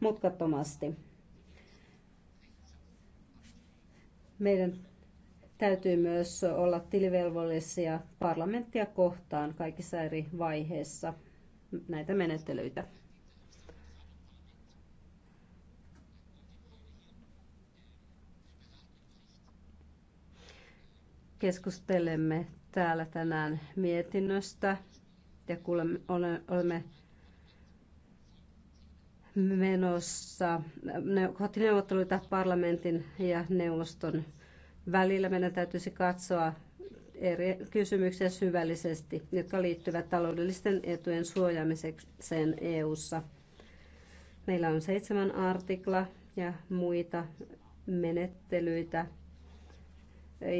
mutkattomasti. Meidän täytyy myös olla tilivelvollisia parlamenttia kohtaan kaikissa eri vaiheissa näitä menettelyitä. Keskustelemme täällä tänään mietinnöstä ja kuulemme, olemme menossa neuvotteluita parlamentin ja neuvoston välillä. Meidän täytyisi katsoa eri kysymyksiä syvällisesti, jotka liittyvät taloudellisten etujen suojaamiseen EU:ssa. Meillä on seitsemän artikla ja muita menettelyitä.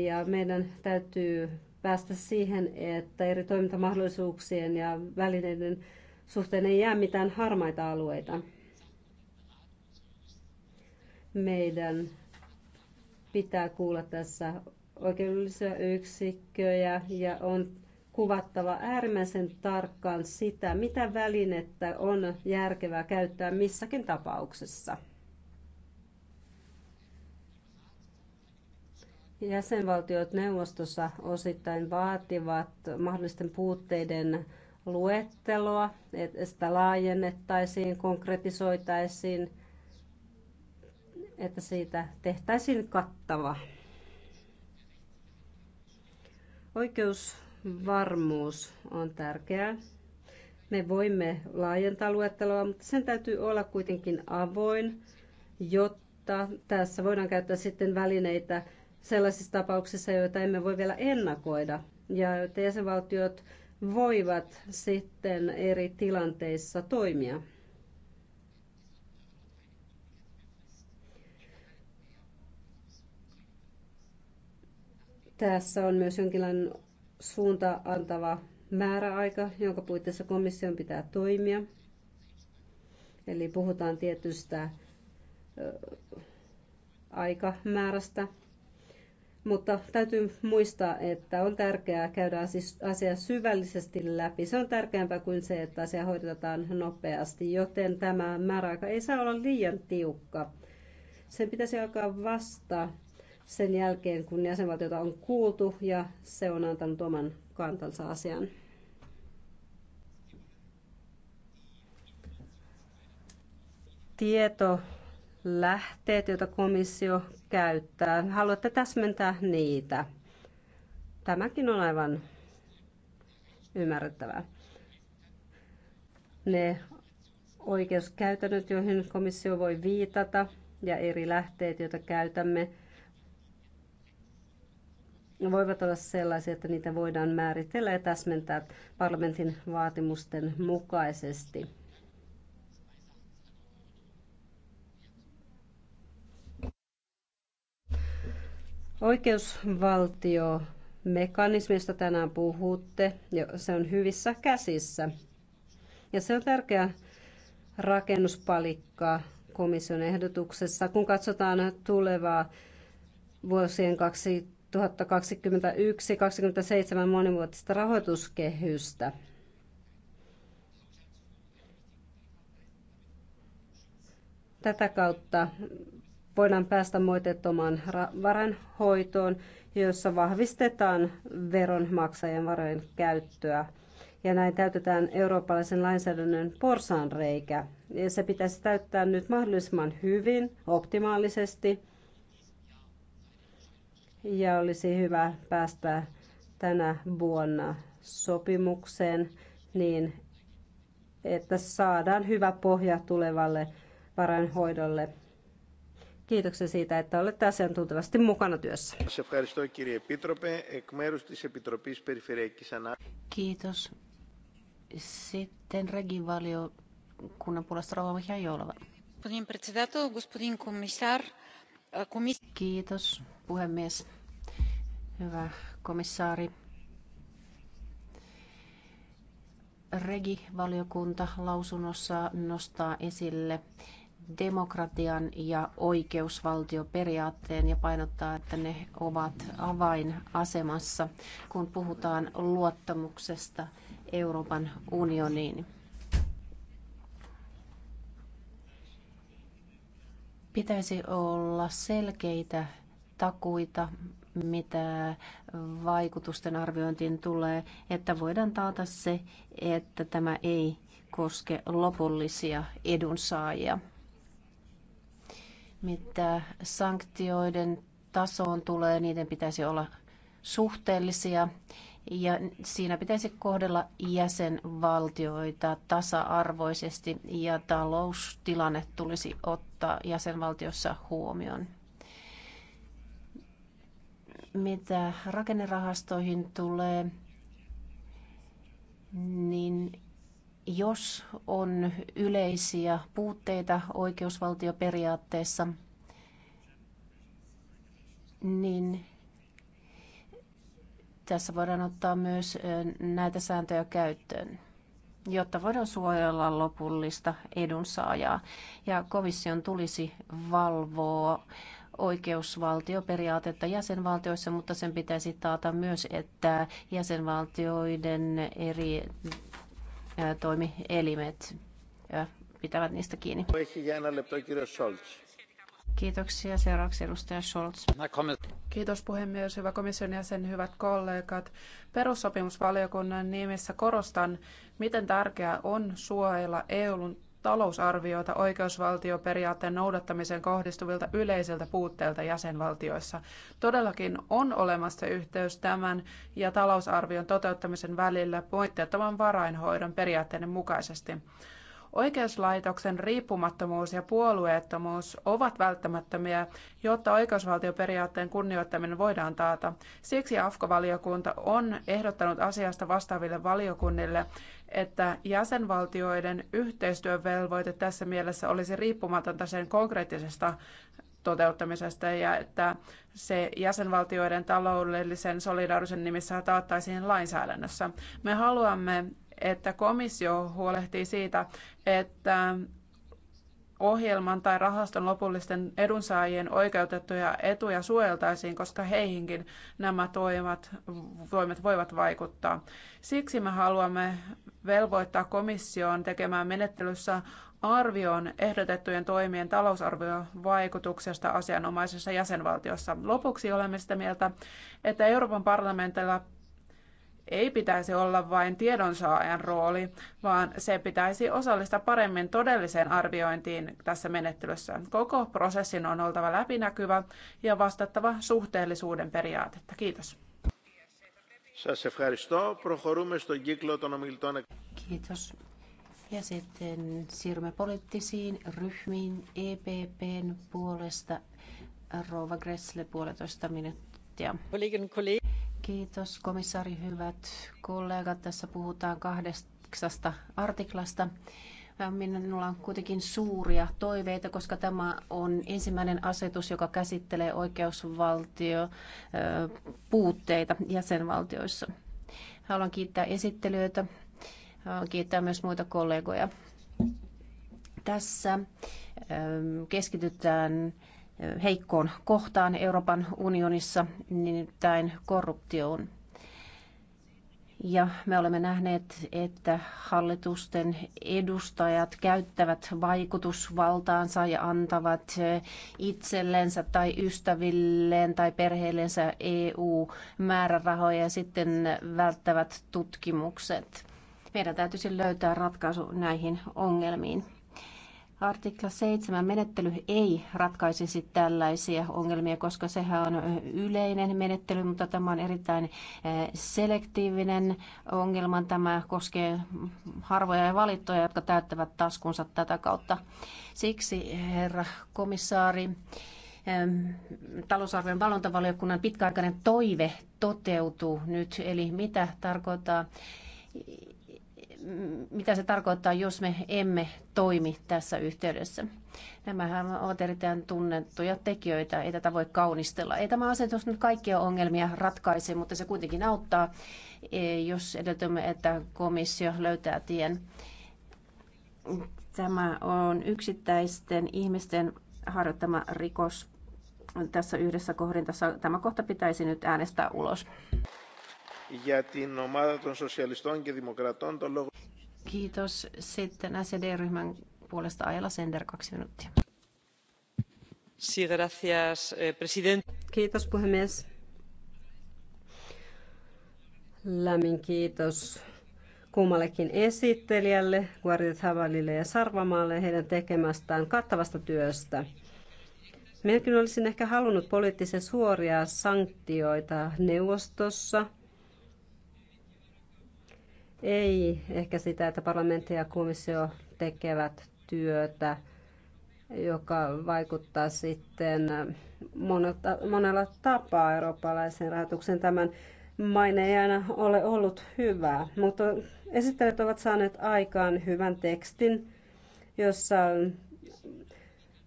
Ja meidän täytyy päästä siihen, että eri toimintamahdollisuuksien ja välineiden suhteen ei jää mitään harmaita alueita. Meidän pitää kuulla tässä oikeudellisia yksikköjä ja on kuvattava äärimmäisen tarkkaan sitä, mitä välinettä on järkevää käyttää missäkin tapauksessa. Jäsenvaltiot neuvostossa osittain vaativat mahdollisten puutteiden luetteloa, että sitä laajennettaisiin, konkretisoitaisiin että siitä tehtäisiin kattava. Oikeusvarmuus on tärkeää. Me voimme laajentaa luetteloa, mutta sen täytyy olla kuitenkin avoin, jotta tässä voidaan käyttää sitten välineitä sellaisissa tapauksissa, joita emme voi vielä ennakoida. Ja että jäsenvaltiot voivat sitten eri tilanteissa toimia. Tässä on myös jonkinlainen suunta antava määräaika, jonka puitteissa komission pitää toimia. Eli puhutaan tietystä aikamäärästä. Mutta täytyy muistaa, että on tärkeää käydä asia syvällisesti läpi. Se on tärkeämpää kuin se, että asia hoidetaan nopeasti, joten tämä määräaika ei saa olla liian tiukka. Sen pitäisi alkaa vasta sen jälkeen, kun jäsenvaltiota on kuultu ja se on antanut oman kantansa asiaan. Tietolähteet, joita komissio käyttää, haluatte täsmentää niitä. Tämäkin on aivan ymmärrettävää. Ne oikeuskäytännöt, joihin komissio voi viitata ja eri lähteet, joita käytämme, voivat olla sellaisia, että niitä voidaan määritellä ja täsmentää parlamentin vaatimusten mukaisesti. Oikeusvaltio mekanismista josta tänään puhutte, se on hyvissä käsissä. Ja se on tärkeä rakennuspalikka komission ehdotuksessa, kun katsotaan tulevaa vuosien kaksi 2021-2027 monivuotista rahoituskehystä. Tätä kautta voidaan päästä moitettomaan varainhoitoon, jossa vahvistetaan veronmaksajien varojen käyttöä. Ja näin täytetään eurooppalaisen lainsäädännön porsaanreikä. Ja se pitäisi täyttää nyt mahdollisimman hyvin, optimaalisesti – ja olisi hyvä päästä tänä vuonna sopimukseen niin, että saadaan hyvä pohja tulevalle varainhoidolle. Kiitoksia siitä, että olette asiantuntevasti mukana työssä. Kiitos. Sitten regivalio kunnan puolesta Rauha Joulava. Kiitos, puhemies. Hyvä komissaari. Regi-valiokunta lausunnossa nostaa esille demokratian ja oikeusvaltioperiaatteen ja painottaa, että ne ovat avainasemassa, kun puhutaan luottamuksesta Euroopan unioniin. Pitäisi olla selkeitä takuita mitä vaikutusten arviointiin tulee, että voidaan taata se, että tämä ei koske lopullisia edunsaajia. Mitä sanktioiden tasoon tulee, niiden pitäisi olla suhteellisia ja siinä pitäisi kohdella jäsenvaltioita tasa-arvoisesti ja taloustilanne tulisi ottaa jäsenvaltiossa huomioon. Mitä rakennerahastoihin tulee, niin jos on yleisiä puutteita oikeusvaltioperiaatteessa, niin tässä voidaan ottaa myös näitä sääntöjä käyttöön, jotta voidaan suojella lopullista edunsaajaa. Ja komission tulisi valvoa oikeusvaltioperiaatetta jäsenvaltioissa, mutta sen pitäisi taata myös, että jäsenvaltioiden eri toimielimet pitävät niistä kiinni. Kiitoksia. Seuraavaksi edustaja Scholz. Kiitos puhemies, hyvä komission jäsen, hyvät kollegat. Perussopimusvaliokunnan nimissä korostan, miten tärkeää on suojella EUn talousarvioita oikeusvaltioperiaatteen noudattamiseen kohdistuvilta yleisiltä puutteilta jäsenvaltioissa. Todellakin on olemassa yhteys tämän ja talousarvion toteuttamisen välillä poitteettavan varainhoidon periaatteiden mukaisesti. Oikeuslaitoksen riippumattomuus ja puolueettomuus ovat välttämättömiä, jotta oikeusvaltioperiaatteen kunnioittaminen voidaan taata. Siksi AFKO-valiokunta on ehdottanut asiasta vastaaville valiokunnille, että jäsenvaltioiden yhteistyövelvoite tässä mielessä olisi riippumatonta sen konkreettisesta toteuttamisesta ja että se jäsenvaltioiden taloudellisen solidaarisen nimissä taattaisiin lainsäädännössä. Me haluamme että komissio huolehtii siitä, että ohjelman tai rahaston lopullisten edunsaajien oikeutettuja etuja suojeltaisiin, koska heihinkin nämä toimet, toimet voivat vaikuttaa. Siksi me haluamme velvoittaa komission tekemään menettelyssä arvioon ehdotettujen toimien talousarviovaikutuksesta asianomaisessa jäsenvaltiossa. Lopuksi olemme sitä mieltä, että Euroopan parlamentilla ei pitäisi olla vain tiedonsaajan rooli, vaan se pitäisi osallistaa paremmin todelliseen arviointiin tässä menettelyssä. Koko prosessin on oltava läpinäkyvä ja vastattava suhteellisuuden periaatetta. Kiitos. Kiitos. Ja sitten siirrymme poliittisiin ryhmiin EPPn puolesta. rova Gressle puolitoista minuuttia. Kollegin, kollegin. Kiitos komissaari, hyvät kollegat. Tässä puhutaan kahdeksasta artiklasta. Minulla on kuitenkin suuria toiveita, koska tämä on ensimmäinen asetus, joka käsittelee oikeusvaltio puutteita jäsenvaltioissa. Haluan kiittää esittelijöitä, haluan kiittää myös muita kollegoja. Tässä keskitytään heikkoon kohtaan Euroopan unionissa, nimittäin korruptioon. Ja me olemme nähneet, että hallitusten edustajat käyttävät vaikutusvaltaansa ja antavat itsellensä tai ystävilleen tai perheellensä EU-määrärahoja ja sitten välttävät tutkimukset. Meidän täytyisi löytää ratkaisu näihin ongelmiin. Artikla 7 menettely ei ratkaisisi tällaisia ongelmia, koska sehän on yleinen menettely, mutta tämä on erittäin eh, selektiivinen ongelma. Tämä koskee harvoja ja valittuja, jotka täyttävät taskunsa tätä kautta. Siksi, herra komissaari, talousarvion valvontavaliokunnan pitkäaikainen toive toteutuu nyt. Eli mitä tarkoittaa mitä se tarkoittaa, jos me emme toimi tässä yhteydessä. Nämähän ovat erittäin tunnettuja tekijöitä, ei tätä voi kaunistella. Ei tämä asetus nyt kaikkia ongelmia ratkaise, mutta se kuitenkin auttaa, e, jos edellytämme, että komissio löytää tien. Tämä on yksittäisten ihmisten harjoittama rikos tässä yhdessä kohdin. Tässä, tämä kohta pitäisi nyt äänestää ulos για την ομάδα των Σοσιαλιστών και Δημοκρατών τον λόγο. Kiitos. Sitten SED-ryhmän puolesta Ajala Sender, kaksi minuuttia. Sí, gracias, eh, president. Kiitos puhemies. Lämmin kiitos kummallekin esittelijälle, Guardiat Havalille ja Sarvamaalle heidän tekemästään kattavasta työstä. Minäkin olisin ehkä halunnut poliittisen suoria sanktioita neuvostossa – ei ehkä sitä, että parlamentti ja komissio tekevät työtä, joka vaikuttaa sitten monelta, monella tapaa eurooppalaisen rahoituksen. Tämän maine ei aina ole ollut hyvää, mutta esittelijät ovat saaneet aikaan hyvän tekstin, jossa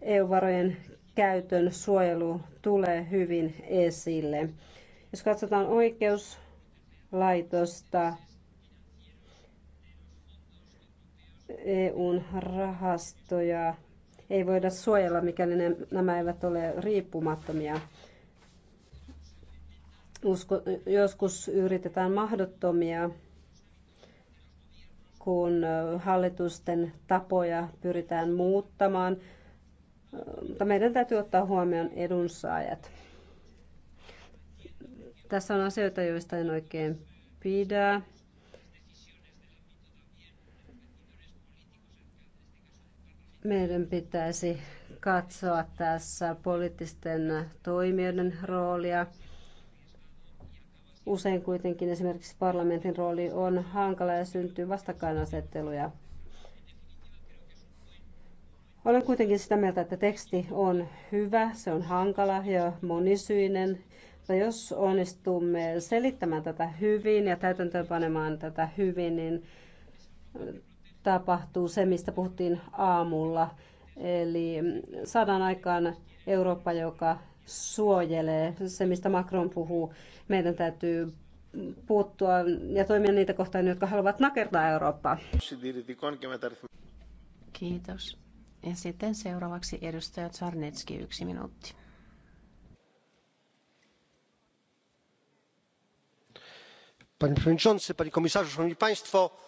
EU-varojen käytön suojelu tulee hyvin esille. Jos katsotaan oikeuslaitosta, EUn rahastoja ei voida suojella, mikäli ne, nämä eivät ole riippumattomia. Usko, joskus yritetään mahdottomia, kun hallitusten tapoja pyritään muuttamaan, mutta meidän täytyy ottaa huomioon edunsaajat. Tässä on asioita, joista en oikein pidä. Meidän pitäisi katsoa tässä poliittisten toimijoiden roolia. Usein kuitenkin esimerkiksi parlamentin rooli on hankala ja syntyy vastakkainasetteluja. Olen kuitenkin sitä mieltä, että teksti on hyvä, se on hankala ja monisyinen, mutta jos onnistumme selittämään tätä hyvin ja täytäntöönpanemaan tätä hyvin, niin tapahtuu se, mistä puhuttiin aamulla. Eli saadaan aikaan Eurooppa, joka suojelee. Se, mistä Macron puhuu, meidän täytyy puuttua ja toimia niitä kohtaan, jotka haluavat nakertaa Eurooppaa. Kiitos. Ja sitten seuraavaksi edustaja Czarnecki, yksi minuutti. Panie Przewodniczący, Panie Komisarzu, Szanowni Państwo!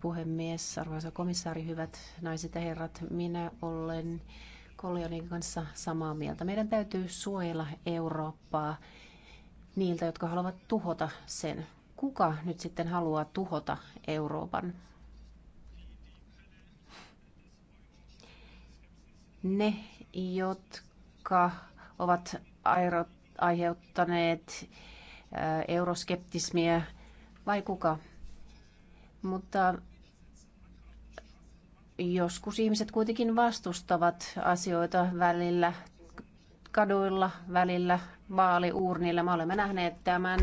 puhemies, arvoisa komissaari, hyvät naiset ja herrat. Minä olen Koljonin kanssa samaa mieltä. Meidän täytyy suojella Eurooppaa niiltä, jotka haluavat tuhota sen. Kuka nyt sitten haluaa tuhota Euroopan? Ne, jotka ovat aiheuttaneet euroskeptismiä vai kuka? Mutta joskus ihmiset kuitenkin vastustavat asioita välillä kaduilla, välillä vaaliuurnilla. Me olemme nähneet tämän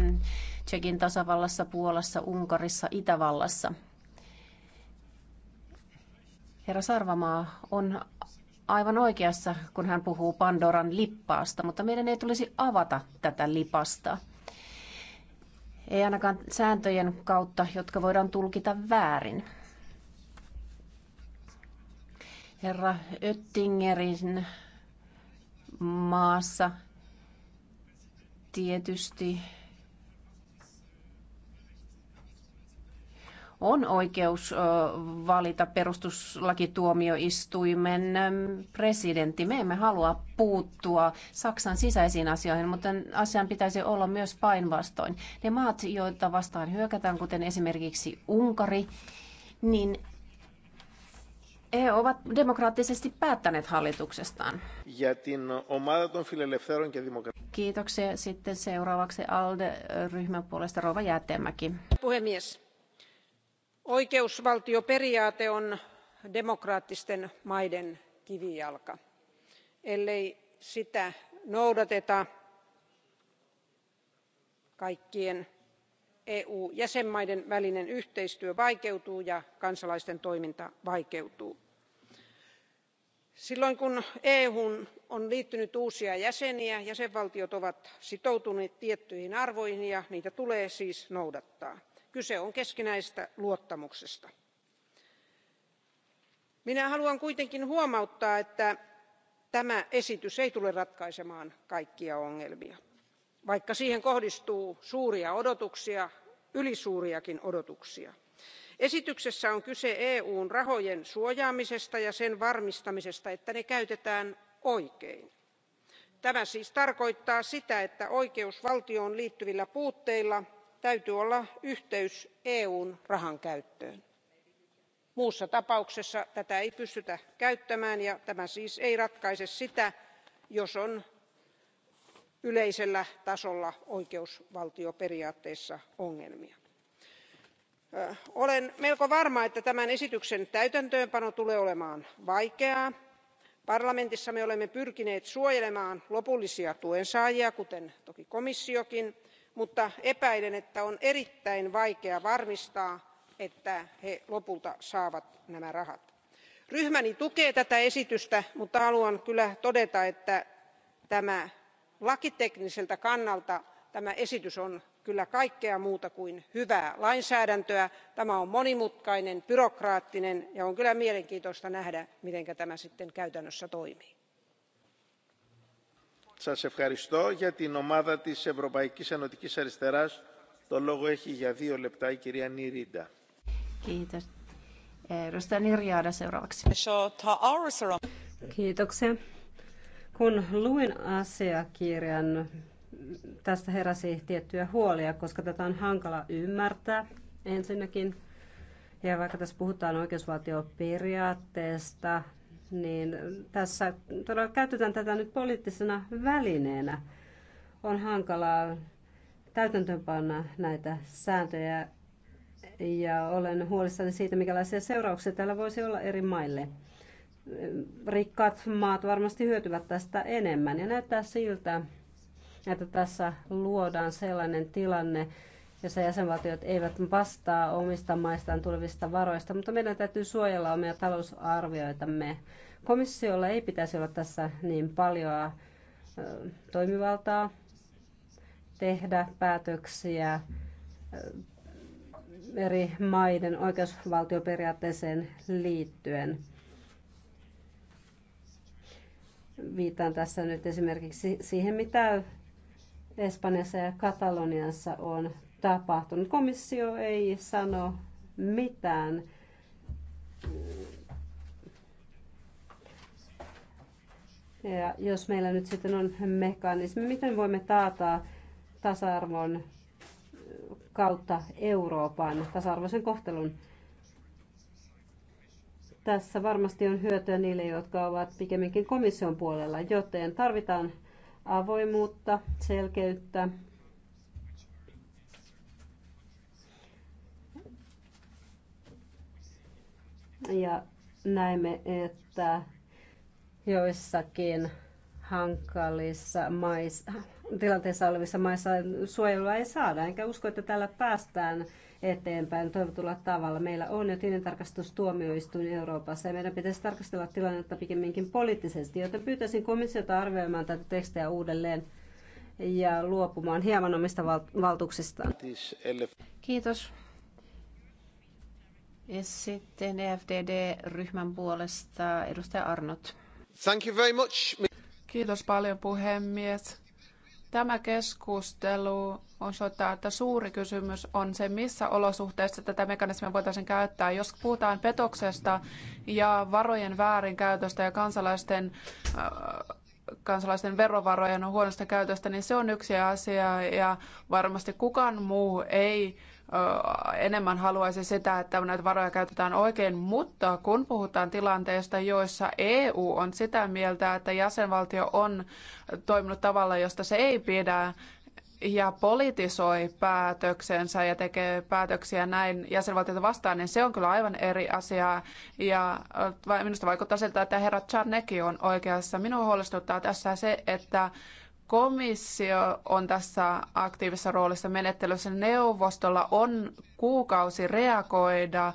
Tsekin tasavallassa, Puolassa, Unkarissa, Itävallassa. Herra Sarvamaa on aivan oikeassa, kun hän puhuu Pandoran lippaasta, mutta meidän ei tulisi avata tätä lipasta. Ei ainakaan sääntöjen kautta, jotka voidaan tulkita väärin. Herra Öttingerin maassa tietysti on oikeus valita perustuslakituomioistuimen ähm, presidentti. Me emme halua puuttua Saksan sisäisiin asioihin, mutta asian pitäisi olla myös painvastoin. Ne maat, joita vastaan hyökätään, kuten esimerkiksi Unkari, niin he ovat demokraattisesti päättäneet hallituksestaan. Kiitoksia. Sitten seuraavaksi ALDE-ryhmän puolesta Rova Jäätemäki. Puhemies oikeusvaltioperiaate on demokraattisten maiden kivijalka. ellei sitä noudateta kaikkien eu jäsenmaiden välinen yhteistyö vaikeutuu ja kansalaisten toiminta vaikeutuu. silloin kun euhun on liittynyt uusia jäseniä jäsenvaltiot ovat sitoutuneet tiettyihin arvoihin ja niitä tulee siis noudattaa kyse on keskinäisestä luottamuksesta. minä haluan kuitenkin huomauttaa että tämä esitys ei tule ratkaisemaan kaikkia ongelmia vaikka siihen kohdistuu suuria odotuksia ylisuuriakin odotuksia. esityksessä on kyse eun rahojen suojaamisesta ja sen varmistamisesta että ne käytetään oikein. tämä siis tarkoittaa sitä että oikeusvaltioon liittyvillä puutteilla täytyy olla yhteys eun rahankäyttöön. muussa tapauksessa tätä ei pystytä käyttämään ja tämä siis ei ratkaise sitä jos on yleisellä tasolla oikeusvaltioperiaatteessa ongelmia. olen melko varma että tämän esityksen täytäntöönpano tulee olemaan vaikeaa. parlamentissa me olemme pyrkineet suojelemaan lopullisia tuensaajia kuten toki komissiokin mutta epäilen että on erittäin vaikea varmistaa että he lopulta saavat nämä rahat. ryhmäni tukee tätä esitystä mutta haluan kyllä todeta että tämä lakitekniseltä kannalta tämä esitys on kyllä kaikkea muuta kuin hyvää lainsäädäntöä. tämä on monimutkainen byrokraattinen ja on kyllä mielenkiintoista nähdä miten tämä sitten käytännössä toimii σας ευχαριστώ. Για την ομάδα της Ευρωπαϊκής Ενωτικής Αριστεράς το λόγο έχει για δύο λεπτά η κυρία Νιρίντα. Kiitos. Kun luin asiakirjan, tästä heräsi tiettyjä huolia, koska tätä on hankala ymmärtää ensinnäkin. Ja vaikka tässä puhutaan oikeusvaltioperiaatteesta, niin tässä todella käytetään tätä nyt poliittisena välineenä. On hankalaa täytäntöönpanna näitä sääntöjä ja olen huolissani siitä, mikälaisia seurauksia tällä voisi olla eri maille. Rikkaat maat varmasti hyötyvät tästä enemmän ja näyttää siltä, että tässä luodaan sellainen tilanne, jossa jäsenvaltiot eivät vastaa omista maistaan tulevista varoista, mutta meidän täytyy suojella omia talousarvioitamme. Komissiolla ei pitäisi olla tässä niin paljon toimivaltaa tehdä päätöksiä eri maiden oikeusvaltioperiaatteeseen liittyen. Viitaan tässä nyt esimerkiksi siihen, mitä Espanjassa ja Kataloniassa on tapahtunut. Komissio ei sano mitään. Ja jos meillä nyt sitten on mekanismi, miten voimme taata tasa-arvon kautta Euroopan tasa-arvoisen kohtelun? Tässä varmasti on hyötyä niille, jotka ovat pikemminkin komission puolella, joten tarvitaan avoimuutta, selkeyttä, Ja näemme, että joissakin hankalissa maissa, tilanteessa olevissa maissa suojelua ei saada, enkä usko, että tällä päästään eteenpäin toivotulla tavalla. Meillä on jo tilintarkastustuomioistuin Euroopassa ja meidän pitäisi tarkastella tilannetta pikemminkin poliittisesti, joten pyytäisin komissiota arvioimaan tätä tekstiä uudelleen ja luopumaan hieman omista valtuuksistaan. Kiitos. Ja sitten EFDD-ryhmän puolesta edustaja Arnot. Thank you very much. Kiitos paljon puhemies. Tämä keskustelu osoittaa, että suuri kysymys on se, missä olosuhteissa tätä mekanismia voitaisiin käyttää. Jos puhutaan petoksesta ja varojen väärinkäytöstä ja kansalaisten äh, kansalaisten verovarojen huonosta käytöstä, niin se on yksi asia ja varmasti kukaan muu ei enemmän haluaisi sitä, että näitä varoja käytetään oikein, mutta kun puhutaan tilanteesta, joissa EU on sitä mieltä, että jäsenvaltio on toiminut tavalla, josta se ei pidä, ja politisoi päätöksensä ja tekee päätöksiä näin jäsenvaltioita vastaan, niin se on kyllä aivan eri asia. Ja äh, minusta vaikuttaa siltä, että herra Czarnecki on oikeassa. Minua huolestuttaa tässä se, että komissio on tässä aktiivisessa roolissa menettelyssä. Neuvostolla on kuukausi reagoida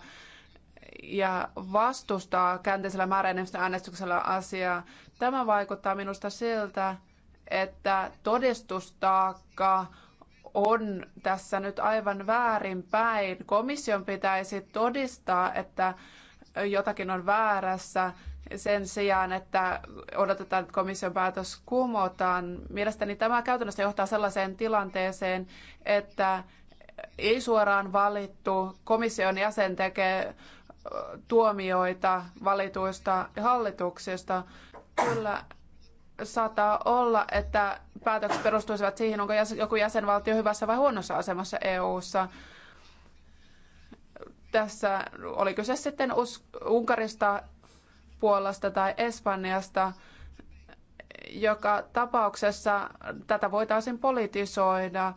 ja vastustaa käänteisellä äänestyksellä asiaa. Tämä vaikuttaa minusta siltä, että todistustaakka on tässä nyt aivan väärin päin. Komission pitäisi todistaa, että jotakin on väärässä sen sijaan, että odotetaan, että komission päätös kumotaan. Mielestäni tämä käytännössä johtaa sellaiseen tilanteeseen, että ei suoraan valittu komission jäsen tekee tuomioita valituista hallituksista. Kyllä saattaa olla, että päätökset perustuisivat siihen, onko joku jäsenvaltio hyvässä vai huonossa asemassa EU:ssa. Tässä oli kyse sitten Unkarista, Puolasta tai Espanjasta. Joka tapauksessa tätä voitaisiin politisoida.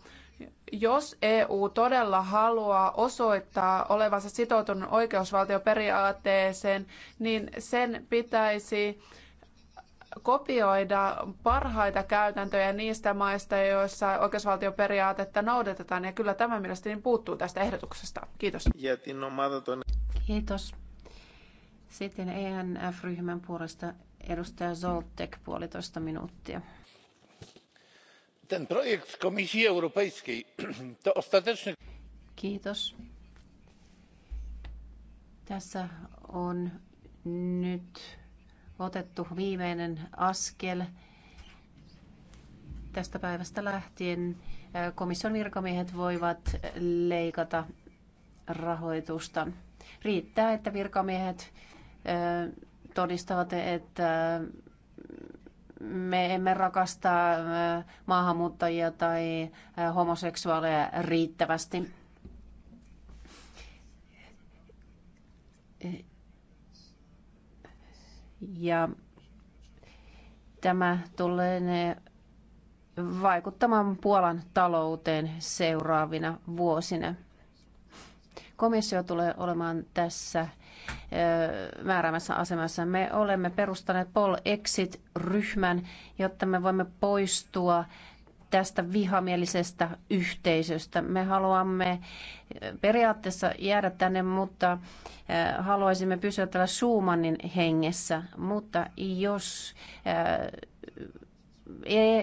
Jos EU todella haluaa osoittaa olevansa sitoutunut oikeusvaltioperiaatteeseen, niin sen pitäisi kopioida parhaita käytäntöjä niistä maista, joissa oikeusvaltioperiaatetta noudatetaan. Ja kyllä tämä mielestäni puuttuu tästä ehdotuksesta. Kiitos. Kiitos. Sitten ENF-ryhmän puolesta edustaja Zoltek puolitoista minuuttia. Ten projekt Komisji Europejskiej to ostateczny... Kiitos. Tässä on nyt otettu viimeinen askel. Tästä päivästä lähtien komission virkamiehet voivat leikata rahoitusta. Riittää, että virkamiehet todistavat, että me emme rakasta maahanmuuttajia tai homoseksuaaleja riittävästi. Ja tämä tulee vaikuttamaan Puolan talouteen seuraavina vuosina. Komissio tulee olemaan tässä määräämässä asemassa. Me olemme perustaneet Pol Exit-ryhmän, jotta me voimme poistua tästä vihamielisestä yhteisöstä. Me haluamme eh, periaatteessa jäädä tänne, mutta eh, haluaisimme pysyä täällä Schumannin hengessä. Mutta jos eh,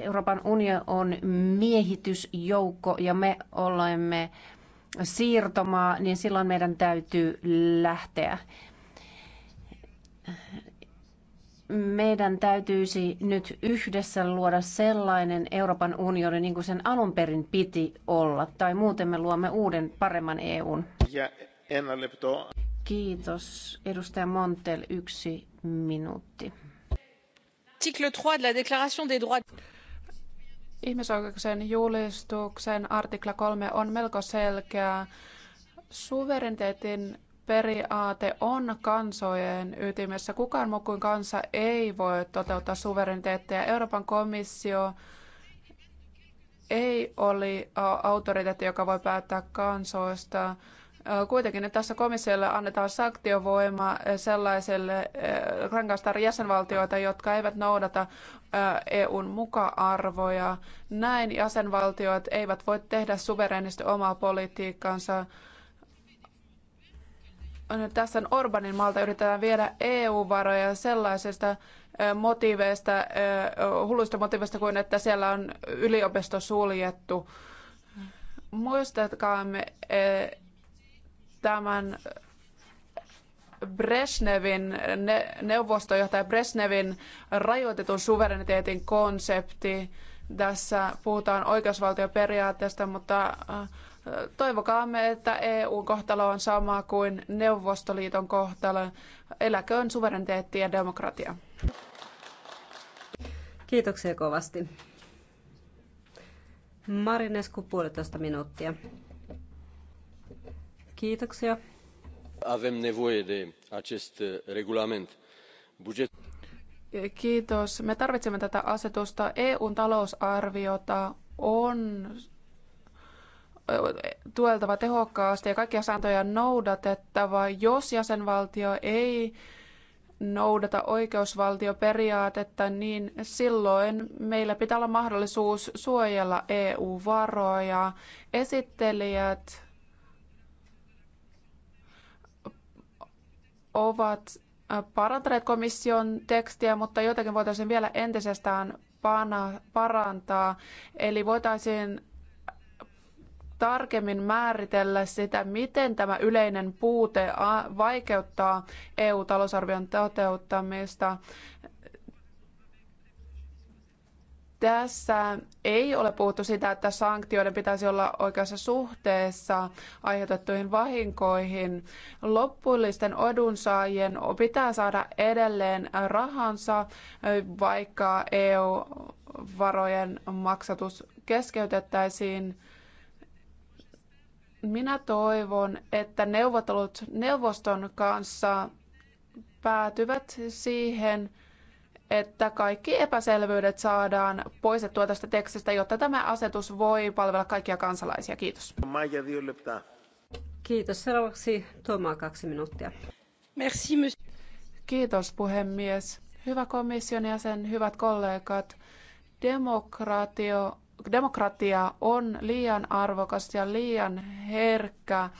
Euroopan unioni on miehitysjoukko ja me olemme siirtomaa, niin silloin meidän täytyy lähteä meidän täytyisi nyt yhdessä luoda sellainen Euroopan unioni, niin kuin sen alun perin piti olla, tai muuten me luomme uuden, paremman EUn. Ja Kiitos. Edustaja Montel, yksi minuutti. Article 3 de la Déclaration des droits Ihmisoikeuksien julistuksen artikla 3 on melko selkeä. Suvereniteetin periaate on kansojen ytimessä. Kukaan muu kuin kansa ei voi toteuttaa suvereniteettia. Euroopan komissio ei ole autoriteetti, joka voi päättää kansoista. Kuitenkin nyt tässä komissiolle annetaan sanktiovoima sellaiselle rangaistaan jäsenvaltioita, jotka eivät noudata EUn muka-arvoja. Näin jäsenvaltiot eivät voi tehdä suverenisti omaa politiikkaansa tässä Orbanin maalta yritetään viedä EU-varoja sellaisesta motiiveista, hulluista motiiveista kuin että siellä on yliopisto suljettu. Muistatkaamme tämän Brezhnevin, neuvostojohtaja Brezhnevin rajoitetun suvereniteetin konsepti. Tässä puhutaan oikeusvaltioperiaatteesta, mutta Toivokaamme, että EUn kohtalo on sama kuin Neuvostoliiton kohtalo. Eläköön suvereniteetti ja demokratia. Kiitoksia kovasti. Marinesku puolitoista minuuttia. Kiitoksia. Avem nevoie de acest eh, regulament. Budget... Kiitos. Me tarvitsemme tätä asetusta. EUn talousarviota on tueltava tehokkaasti ja kaikkia sääntöjä on noudatettava. Jos jäsenvaltio ei noudata oikeusvaltioperiaatetta, niin silloin meillä pitää olla mahdollisuus suojella EU-varoja. Esittelijät ovat parantaneet komission tekstiä, mutta jotakin voitaisiin vielä entisestään parantaa. Eli voitaisiin tarkemmin määritellä sitä, miten tämä yleinen puute vaikeuttaa EU-talousarvion toteuttamista. Tässä ei ole puhuttu sitä, että sanktioiden pitäisi olla oikeassa suhteessa aiheutettuihin vahinkoihin. Loppuillisten odunsaajien pitää saada edelleen rahansa, vaikka EU-varojen maksatus keskeytettäisiin. Minä toivon, että neuvottelut neuvoston kanssa päätyvät siihen, että kaikki epäselvyydet saadaan poistettua tästä tekstistä, jotta tämä asetus voi palvella kaikkia kansalaisia. Kiitos. Kiitos. Seuraavaksi Tuomaa kaksi minuuttia. Merci, Kiitos puhemies. Hyvä komission jäsen, hyvät kollegat. Demokraatio demokratia on liian arvokas ja liian herkkä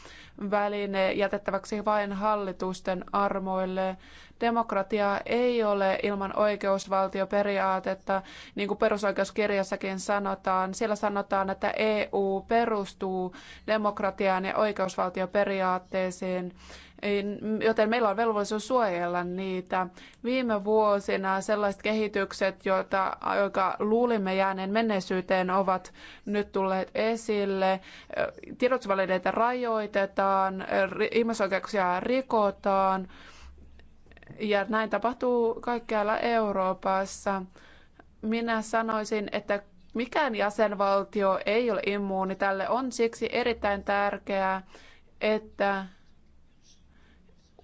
väline jätettäväksi vain hallitusten armoille. Demokratia ei ole ilman oikeusvaltioperiaatetta, niin kuin perusoikeuskirjassakin sanotaan. Siellä sanotaan, että EU perustuu demokratiaan ja oikeusvaltioperiaatteeseen joten meillä on velvollisuus suojella niitä. Viime vuosina sellaiset kehitykset, joita, joita luulimme jääneen menneisyyteen, ovat nyt tulleet esille. Tiedotusvälineitä rajoitetaan, ihmisoikeuksia rikotaan ja näin tapahtuu kaikkialla Euroopassa. Minä sanoisin, että mikään jäsenvaltio ei ole immuuni tälle. On siksi erittäin tärkeää, että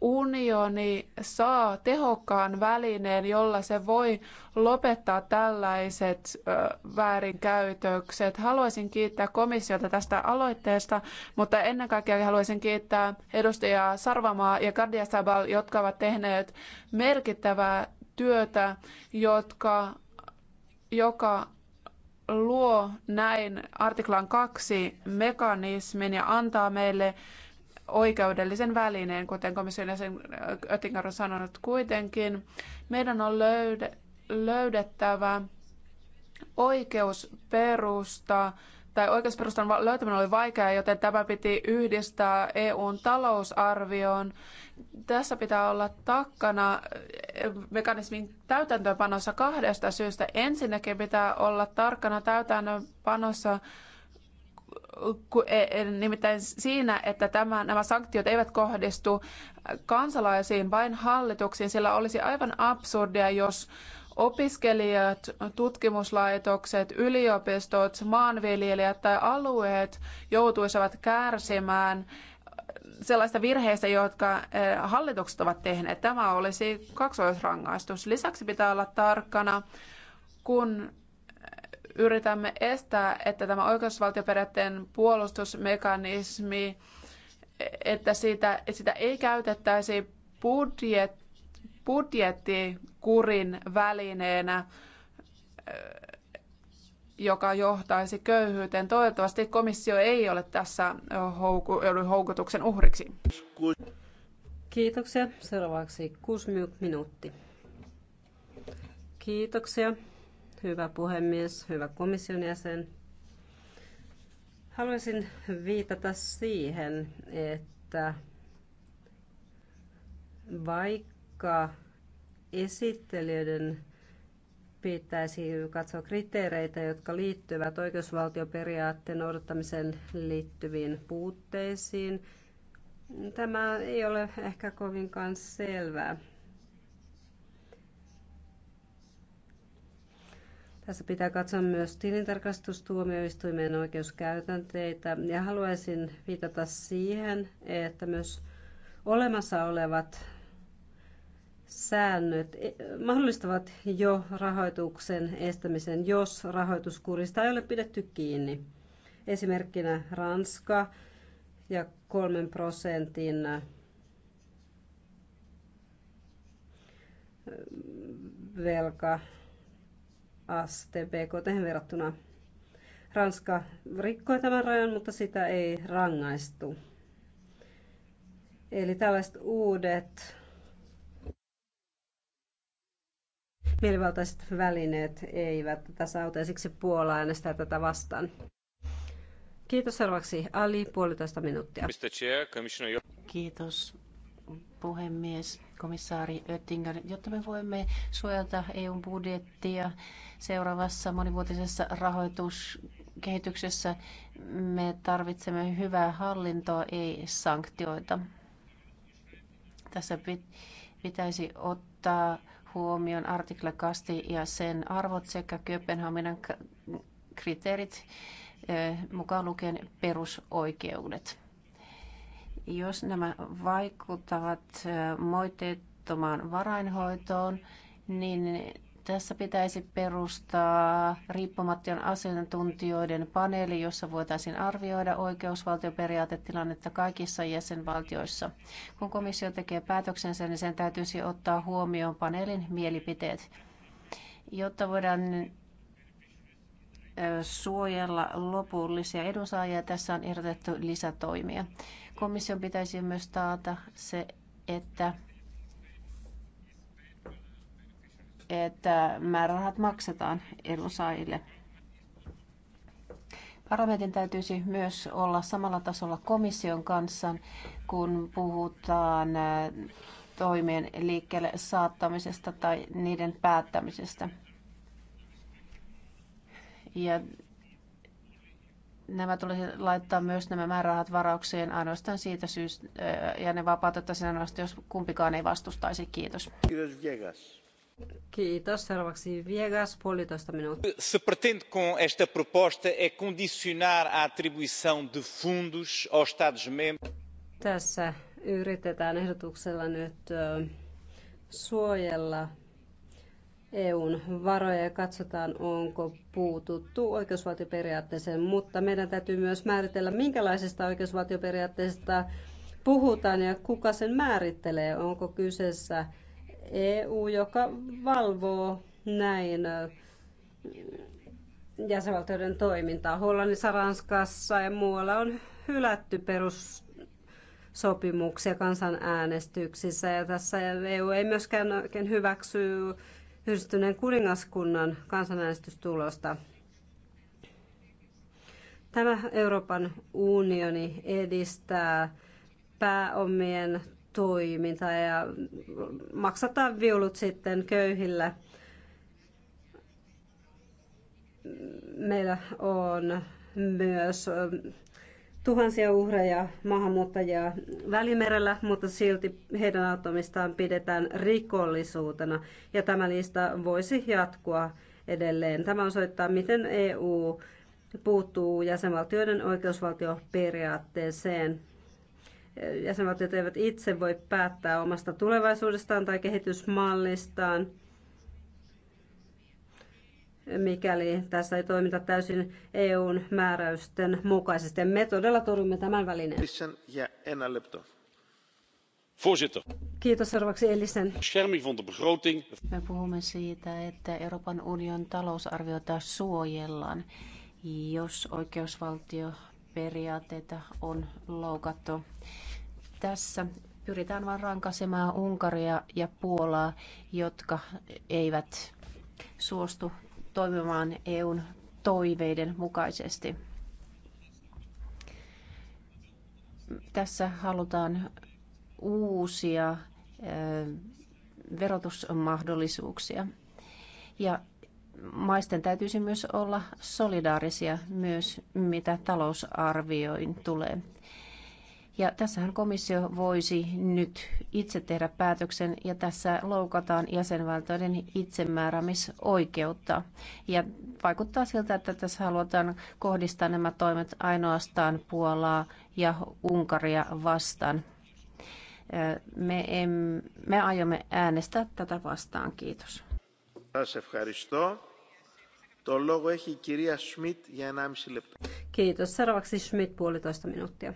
unioni saa tehokkaan välineen, jolla se voi lopettaa tällaiset väärinkäytökset. Haluaisin kiittää komissiota tästä aloitteesta, mutta ennen kaikkea haluaisin kiittää edustajia Sarvamaa ja Kardia Sabal, jotka ovat tehneet merkittävää työtä, jotka, joka luo näin artiklan kaksi mekanismin ja antaa meille oikeudellisen välineen, kuten komission jäsen Oettinger on sanonut kuitenkin. Meidän on löyd- löydettävä oikeusperusta tai oikeusperustan löytäminen oli vaikeaa, joten tämä piti yhdistää EUn talousarvioon. Tässä pitää olla takkana eh, mekanismin täytäntöönpanossa kahdesta syystä. Ensinnäkin pitää olla tarkkana täytäntöönpanossa E- e- nimittäin siinä, että tämä, nämä sanktiot eivät kohdistu kansalaisiin, vain hallituksiin, sillä olisi aivan absurdia, jos opiskelijat, tutkimuslaitokset, yliopistot, maanviljelijät tai alueet joutuisivat kärsimään sellaista virheistä, jotka e, hallitukset ovat tehneet. Tämä olisi kaksoisrangaistus. Lisäksi pitää olla tarkkana, kun yritämme estää, että tämä oikeusvaltioperiaatteen puolustusmekanismi, että että sitä ei käytettäisi budjet, budjettikurin välineenä, joka johtaisi köyhyyteen. Toivottavasti komissio ei ole tässä houku, houkutuksen uhriksi. Kiitoksia. Seuraavaksi 6 minuuttia. Kiitoksia hyvä puhemies, hyvä komission jäsen. Haluaisin viitata siihen, että vaikka esittelijöiden pitäisi katsoa kriteereitä, jotka liittyvät oikeusvaltioperiaatteen odottamiseen liittyviin puutteisiin, tämä ei ole ehkä kovinkaan selvää. Tässä pitää katsoa myös tilintarkastustuomioistuimen oikeuskäytänteitä ja haluaisin viitata siihen, että myös olemassa olevat säännöt e, mahdollistavat jo rahoituksen estämisen, jos rahoituskurista ei ole pidetty kiinni. Esimerkkinä Ranska ja kolmen prosentin velka aste BKT verrattuna. Ranska rikkoi tämän rajan, mutta sitä ei rangaistu. Eli tällaiset uudet mielivaltaiset välineet eivät tässä auta ja siksi Puola äänestää tätä vastaan. Kiitos seuraavaksi Ali, puolitoista minuuttia. Kiitos puhemies, komissaari Oettinger, jotta me voimme suojata EUn budjettia seuraavassa monivuotisessa rahoituskehityksessä, me tarvitsemme hyvää hallintoa, ei sanktioita. Tässä pitäisi ottaa huomioon artikla kasti ja sen arvot sekä Kööpenhaminan kriteerit mukaan lukien perusoikeudet. Jos nämä vaikuttavat moitteettomaan varainhoitoon, niin tässä pitäisi perustaa riippumattomien asiantuntijoiden paneeli, jossa voitaisiin arvioida oikeusvaltioperiaatetilannetta kaikissa jäsenvaltioissa. Kun komissio tekee päätöksensä, niin sen täytyisi ottaa huomioon paneelin mielipiteet. Jotta voidaan suojella lopullisia edunsaajia. Tässä on ehdotettu lisätoimia. Komission pitäisi myös taata se, että että määrärahat maksetaan edunsaajille. Parlamentin täytyisi myös olla samalla tasolla komission kanssa, kun puhutaan toimien liikkeelle saattamisesta tai niiden päättämisestä. Ja nämä tulisi laittaa myös nämä määrärahat varaukseen ainoastaan siitä syystä, äh, ja ne vapautettaisiin ainoastaan, jos kumpikaan ei vastustaisi. Kiitos. Kiitos Viegas. Kiitos. Seuraavaksi Viegas, puolitoista minuuttia. Se pretende con esta proposta é condicionar a atribuição de fundos aos Estados membros. Tässä yritetään ehdotuksella nyt suojella EUn varoja ja katsotaan, onko puututtu oikeusvaltioperiaatteeseen, mutta meidän täytyy myös määritellä, minkälaisesta oikeusvaltioperiaatteesta puhutaan ja kuka sen määrittelee. Onko kyseessä EU, joka valvoo näin jäsenvaltioiden toimintaa. Hollannissa, Ranskassa ja muualla on hylätty perussopimuksia kansanäänestyksissä ja tässä EU ei myöskään oikein hyväksy yhdistyneen kuningaskunnan kansanäänestystulosta. Tämä Euroopan unioni edistää pääomien toimintaa ja maksataan viulut sitten köyhillä. Meillä on myös tuhansia uhreja, maahanmuuttajia välimerellä, mutta silti heidän auttamistaan pidetään rikollisuutena. Ja tämä lista voisi jatkua edelleen. Tämä osoittaa, miten EU puuttuu jäsenvaltioiden oikeusvaltioperiaatteeseen. Jäsenvaltiot eivät itse voi päättää omasta tulevaisuudestaan tai kehitysmallistaan mikäli tässä ei toimita täysin EUn määräysten mukaisesti. Me todella torjumme tämän välineen. Kiitos seuraavaksi Elisen. Me puhumme siitä, että Euroopan union talousarviota suojellaan, jos oikeusvaltioperiaatteita on loukattu. Tässä pyritään vain rankaisemaan Unkaria ja Puolaa, jotka eivät suostu toimimaan EUn toiveiden mukaisesti. Tässä halutaan uusia verotusmahdollisuuksia. Ja maisten täytyisi myös olla solidaarisia myös mitä talousarvioin tulee. Ja tässähän komissio voisi nyt itse tehdä päätöksen ja tässä loukataan jäsenvaltioiden itsemääräämisoikeutta. Ja vaikuttaa siltä, että tässä halutaan kohdistaa nämä toimet ainoastaan Puolaa ja Unkaria vastaan. Me, em, me aiomme äänestää tätä vastaan. Kiitos. Kiitos. Seuraavaksi Schmidt puolitoista minuuttia.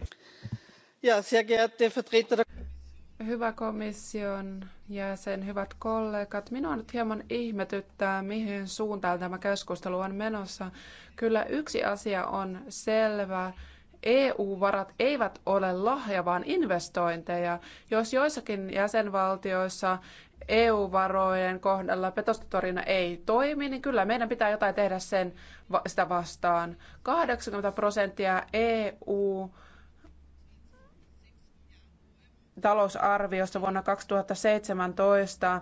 Ja, sehr geehrte Vertreter Hyvä komission jäsen, hyvät kollegat. Minua nyt hieman ihmetyttää, mihin suuntaan tämä keskustelu on menossa. Kyllä yksi asia on selvä. EU-varat eivät ole lahja, vaan investointeja. Jos joissakin jäsenvaltioissa EU-varojen kohdalla petostotorina ei toimi, niin kyllä meidän pitää jotain tehdä sen, sitä vastaan. 80 prosenttia EU talousarviossa vuonna 2017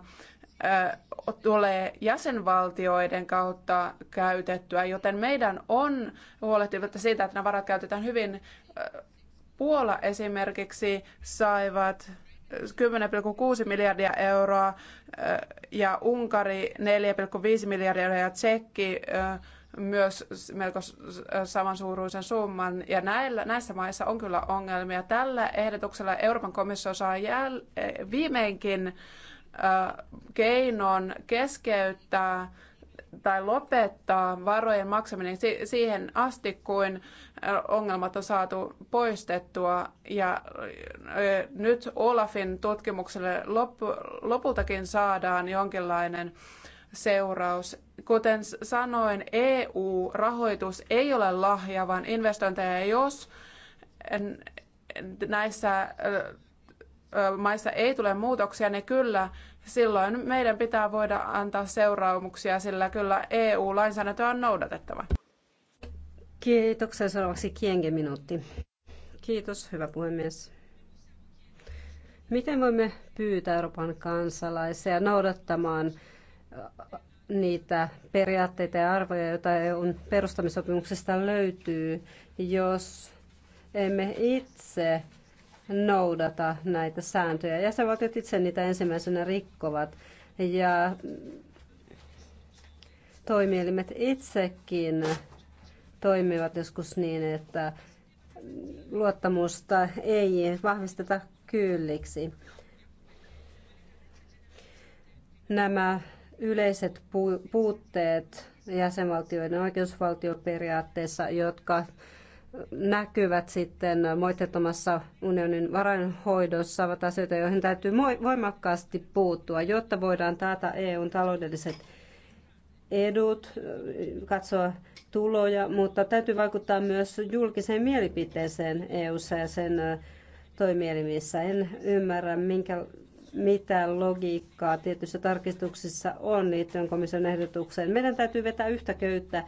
tulee jäsenvaltioiden kautta käytettyä, joten meidän on huolehtivatta siitä, että nämä varat käytetään hyvin. Puola esimerkiksi saivat 10,6 miljardia euroa ja Unkari 4,5 miljardia ja Tsekki myös melko samansuuruisen summan. Ja näillä, näissä maissa on kyllä ongelmia. Tällä ehdotuksella Euroopan komissio saa jäl, eh, viimeinkin äh, keinon keskeyttää tai lopettaa varojen maksaminen siihen asti, kuin ongelmat on saatu poistettua. Ja nyt Olafin tutkimukselle lopultakin saadaan jonkinlainen äh, seuraus. Kuten sanoin, EU-rahoitus ei ole lahja, vaan investointeja, jos näissä maissa ei tule muutoksia, niin kyllä silloin meidän pitää voida antaa seuraamuksia, sillä kyllä eu lainsäädäntö on noudatettava. Kiitoksia. Seuraavaksi Kienge minuutti. Kiitos, hyvä puhemies. Miten voimme pyytää Euroopan kansalaisia noudattamaan niitä periaatteita ja arvoja, joita EUn perustamisopimuksesta löytyy, jos emme itse noudata näitä sääntöjä. Jäsenvaltiot itse niitä ensimmäisenä rikkovat ja toimielimet itsekin toimivat joskus niin, että luottamusta ei vahvisteta kylliksi. Nämä yleiset puutteet jäsenvaltioiden oikeusvaltioperiaatteessa, jotka näkyvät sitten moitteettomassa unionin varainhoidossa, ovat asioita, joihin täytyy voimakkaasti puuttua, jotta voidaan taata EUn taloudelliset edut, katsoa tuloja, mutta täytyy vaikuttaa myös julkiseen mielipiteeseen EU:ssa ja sen toimielimissä. En ymmärrä, minkä, mitä logiikkaa tietyissä tarkistuksissa on liittyen komission ehdotukseen. Meidän täytyy vetää yhtä köyttä,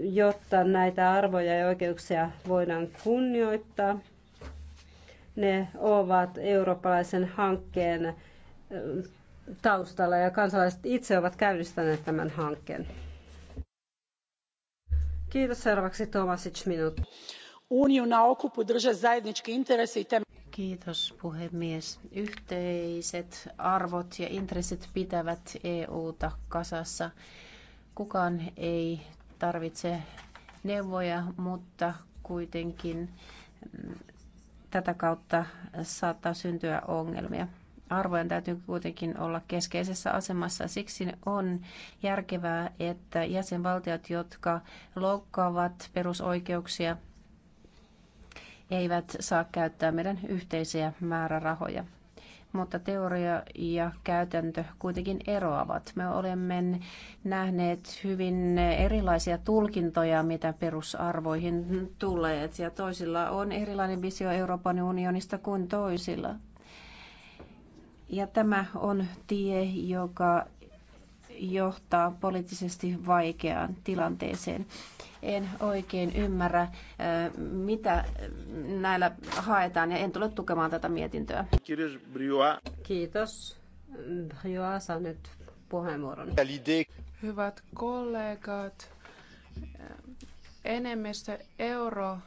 jotta näitä arvoja ja oikeuksia voidaan kunnioittaa. Ne ovat eurooppalaisen hankkeen taustalla ja kansalaiset itse ovat käynnistäneet tämän hankkeen. Kiitos seuraavaksi Tomasic minuutti. Uniju na okupu drže zajednički interesi i Kiitos puhemies. Yhteiset arvot ja intressit pitävät EUta kasassa. Kukaan ei tarvitse neuvoja, mutta kuitenkin mm, tätä kautta saattaa syntyä ongelmia. Arvojen täytyy kuitenkin olla keskeisessä asemassa. Siksi on järkevää, että jäsenvaltiot, jotka loukkaavat perusoikeuksia, eivät saa käyttää meidän yhteisiä määrärahoja. Mutta teoria ja käytäntö kuitenkin eroavat. Me olemme nähneet hyvin erilaisia tulkintoja, mitä perusarvoihin tulee. Ja toisilla on erilainen visio Euroopan unionista kuin toisilla. Ja tämä on tie, joka johtaa poliittisesti vaikeaan tilanteeseen. En oikein ymmärrä, mitä näillä haetaan, ja en tule tukemaan tätä mietintöä. Kiitos. Brioa saa nyt puheenvuoron. Hyvät kollegat, enemmistö euro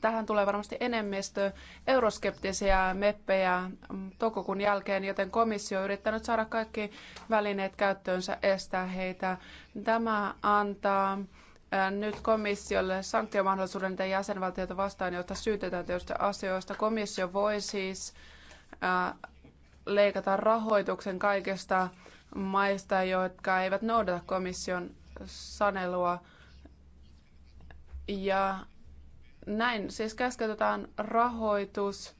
tähän tulee varmasti enemmistö euroskeptisiä meppejä toukokuun jälkeen, joten komissio on yrittänyt saada kaikki välineet käyttöönsä estää heitä. Tämä antaa nyt komissiolle sanktiomahdollisuuden niitä jäsenvaltioita vastaan, joita syytetään tietysti asioista. Komissio voi siis leikata rahoituksen kaikista maista, jotka eivät noudata komission sanelua. Ja näin siis käsketetään rahoitus.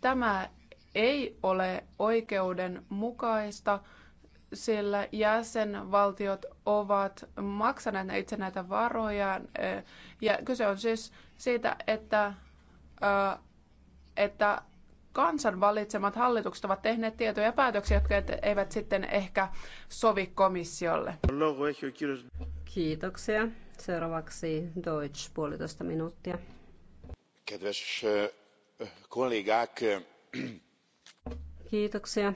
Tämä ei ole oikeudenmukaista, sillä jäsenvaltiot ovat maksaneet itse näitä varoja. Ja kyse on siis siitä, että, että kansan valitsemat hallitukset ovat tehneet tietoja päätöksiä, jotka eivät sitten ehkä sovi komissiolle. Kiitoksia. Seuraavaksi Deutsch, puolitoista minuuttia. Kedves eh, kollegák. Eh, Kiitoksia.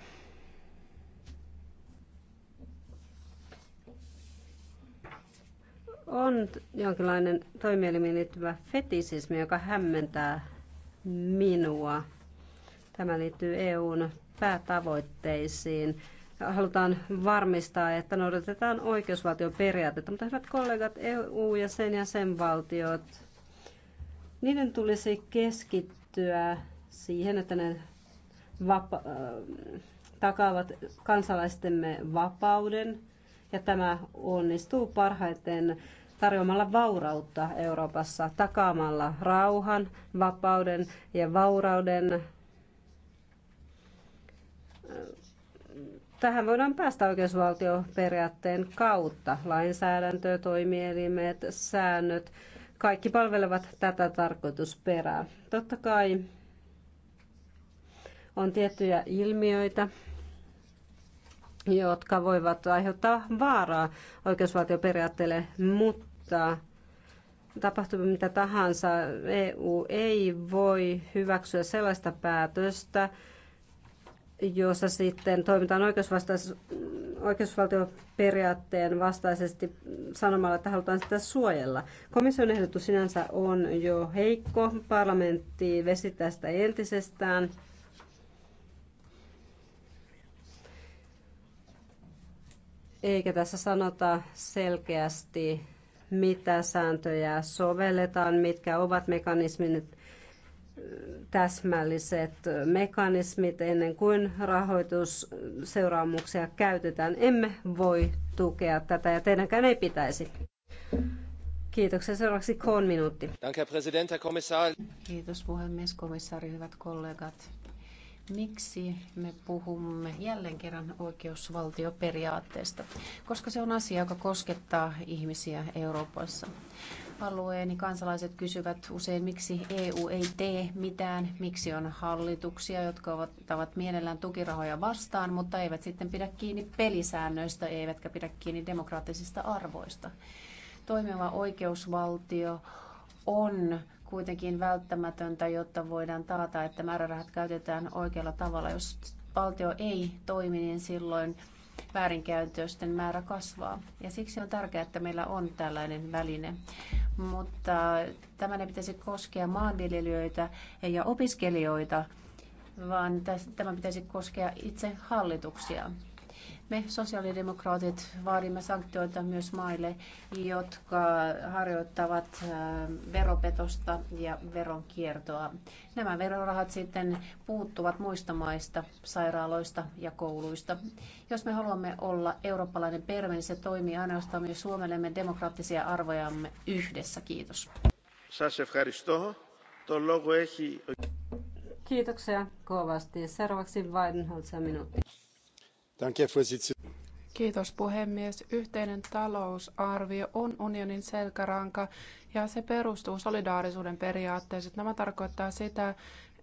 On jonkinlainen toimielimiin liittyvä fetisismi, joka hämmentää minua. Tämä liittyy EUn päätavoitteisiin halutaan varmistaa, että noudatetaan periaatetta. Mutta hyvät kollegat, EU ja sen jäsenvaltiot, niiden tulisi keskittyä siihen, että ne vapa- äh, takaavat kansalaistemme vapauden. Ja tämä onnistuu parhaiten tarjoamalla vaurautta Euroopassa, takaamalla rauhan, vapauden ja vaurauden Tähän voidaan päästä oikeusvaltioperiaatteen kautta. Lainsäädäntö, toimielimet, säännöt, kaikki palvelevat tätä tarkoitusperää. Totta kai on tiettyjä ilmiöitä, jotka voivat aiheuttaa vaaraa oikeusvaltioperiaatteelle, mutta tapahtuu mitä tahansa, EU ei voi hyväksyä sellaista päätöstä, jossa sitten toimitaan oikeusvaltioperiaatteen vastaisesti sanomalla, että halutaan sitä suojella. Komission ehdotus sinänsä on jo heikko. Parlamentti vesittää sitä entisestään. Eikä tässä sanota selkeästi, mitä sääntöjä sovelletaan, mitkä ovat mekanismit, täsmälliset mekanismit ennen kuin rahoitusseuraamuksia käytetään. Emme voi tukea tätä ja teidänkään ei pitäisi. Kiitoksia. Seuraavaksi Koon minuutti. Kiitos puhemies, komissaari, hyvät kollegat. Miksi me puhumme jälleen kerran oikeusvaltioperiaatteesta? Koska se on asia, joka koskettaa ihmisiä Euroopassa alueeni kansalaiset kysyvät usein, miksi EU ei tee mitään, miksi on hallituksia, jotka ottavat mielellään tukirahoja vastaan, mutta eivät sitten pidä kiinni pelisäännöistä, eivätkä pidä kiinni demokraattisista arvoista. Toimiva oikeusvaltio on kuitenkin välttämätöntä, jotta voidaan taata, että määrärahat käytetään oikealla tavalla. Jos valtio ei toimi, niin silloin väärinkäytösten määrä kasvaa. Ja siksi on tärkeää, että meillä on tällainen väline. Mutta tämän ei pitäisi koskea maanviljelijöitä ja opiskelijoita, vaan tämän pitäisi koskea itse hallituksia. Me sosiaalidemokraatit vaadimme sanktioita myös maille, jotka harjoittavat äh, veropetosta ja veronkiertoa. Nämä verorahat sitten puuttuvat muista maista, sairaaloista ja kouluista. Jos me haluamme olla eurooppalainen perme, niin se toimii ainoastaan, jos suomelemme demokraattisia arvojamme yhdessä. Kiitos. Kiitoksia kovasti. Seuraavaksi vain minuutti. Kiitos puhemies. Yhteinen talousarvio on unionin selkäranka ja se perustuu solidaarisuuden periaatteeseen. Tämä tarkoittaa sitä,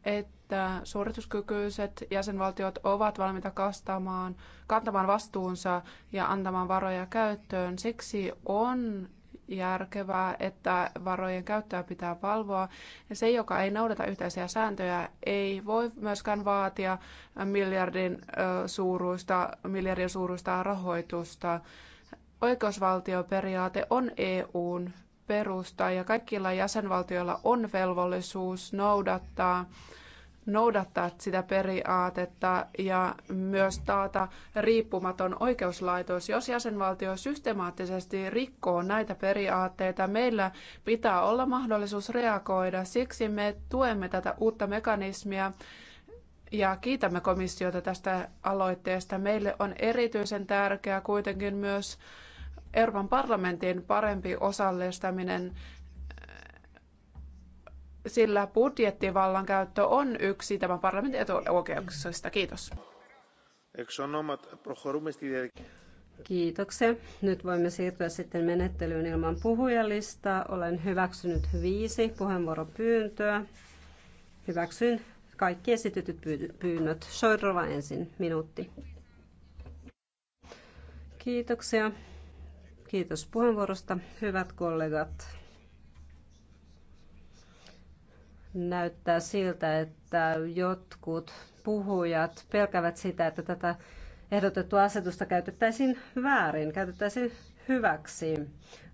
että suorituskykyiset jäsenvaltiot ovat valmiita kastamaan, kantamaan vastuunsa ja antamaan varoja käyttöön. Siksi on järkevää, että varojen käyttöä pitää valvoa. Ja se, joka ei noudata yhteisiä sääntöjä, ei voi myöskään vaatia miljardin suuruista, miljardin suuruista rahoitusta. Oikeusvaltioperiaate on EUn perusta ja kaikilla jäsenvaltioilla on velvollisuus noudattaa noudattaa sitä periaatetta ja myös taata riippumaton oikeuslaitos. Jos jäsenvaltio systemaattisesti rikkoo näitä periaatteita, meillä pitää olla mahdollisuus reagoida. Siksi me tuemme tätä uutta mekanismia ja kiitämme komissiota tästä aloitteesta. Meille on erityisen tärkeää kuitenkin myös Euroopan parlamentin parempi osallistaminen sillä budjettivallan käyttö on yksi tämän parlamentin etuoikeuksista. Kiitos. Kiitoksia. Nyt voimme siirtyä sitten menettelyyn ilman puhujalistaa. Olen hyväksynyt viisi puheenvuoropyyntöä. Hyväksyn kaikki esitetyt pyynnöt. Soirova ensin, minuutti. Kiitoksia. Kiitos puheenvuorosta, hyvät kollegat. näyttää siltä, että jotkut puhujat pelkävät sitä, että tätä ehdotettua asetusta käytettäisiin väärin, käytettäisiin hyväksi.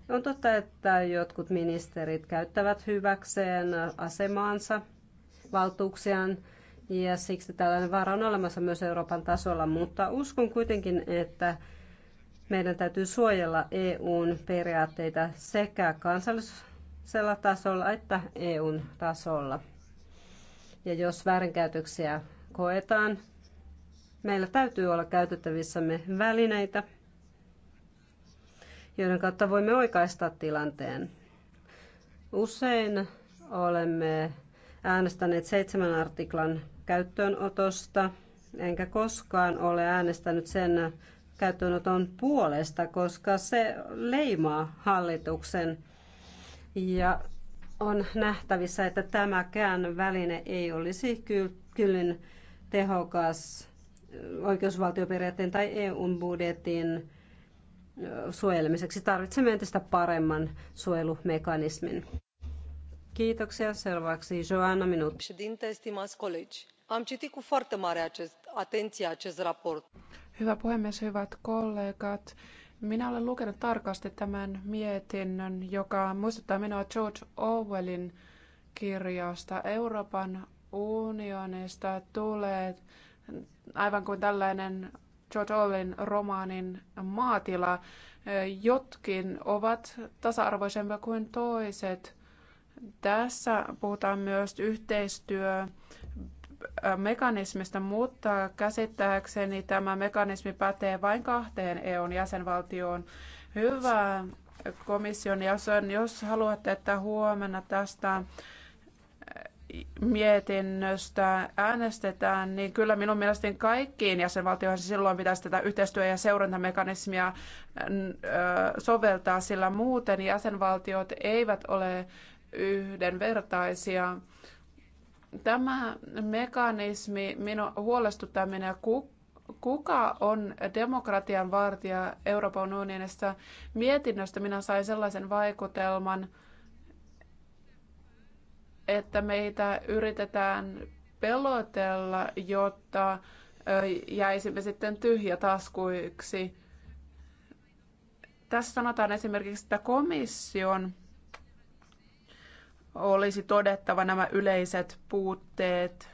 On totta, että jotkut ministerit käyttävät hyväkseen asemaansa, valtuuksiaan, ja siksi tällainen vaara on olemassa myös Euroopan tasolla, mutta uskon kuitenkin, että meidän täytyy suojella EUn periaatteita sekä kansallis- kansallisella tasolla että EUn tasolla. Ja jos väärinkäytöksiä koetaan, meillä täytyy olla käytettävissämme välineitä, joiden kautta voimme oikaista tilanteen. Usein olemme äänestäneet seitsemän artiklan käyttöönotosta, enkä koskaan ole äänestänyt sen käyttöönoton puolesta, koska se leimaa hallituksen ja on nähtävissä, että tämäkään väline ei olisi kyllin tehokas oikeusvaltioperiaatteen tai EUn budjetin suojelemiseksi. Tarvitsemme entistä paremman suojelumekanismin. Kiitoksia. Seuraavaksi Joanna Minut. Am citit cu foarte mare acest, atenție acest raport. Hyvä puhemies, hyvät kollegat. Minä olen lukenut tarkasti tämän mietinnön, joka muistuttaa minua George Orwellin kirjasta Euroopan unionista tulee, aivan kuin tällainen George Orwellin romaanin maatila. Jotkin ovat tasa-arvoisempia kuin toiset. Tässä puhutaan myös yhteistyö mekanismista, mutta käsittääkseni tämä mekanismi pätee vain kahteen EUn jäsenvaltioon. Hyvä komission jäsen, jos haluatte, että huomenna tästä mietinnöstä äänestetään, niin kyllä minun mielestäni kaikkiin jäsenvaltioihin silloin pitäisi tätä yhteistyö- ja seurantamekanismia soveltaa, sillä muuten jäsenvaltiot eivät ole yhdenvertaisia. Tämä mekanismi minua huolestuttaa minä, kuka on demokratian vartija Euroopan unionissa. Mietinnöstä minä sain sellaisen vaikutelman, että meitä yritetään pelotella, jotta jäisimme sitten tyhjätaskuiksi. Tässä sanotaan esimerkiksi, että komission olisi todettava nämä yleiset puutteet.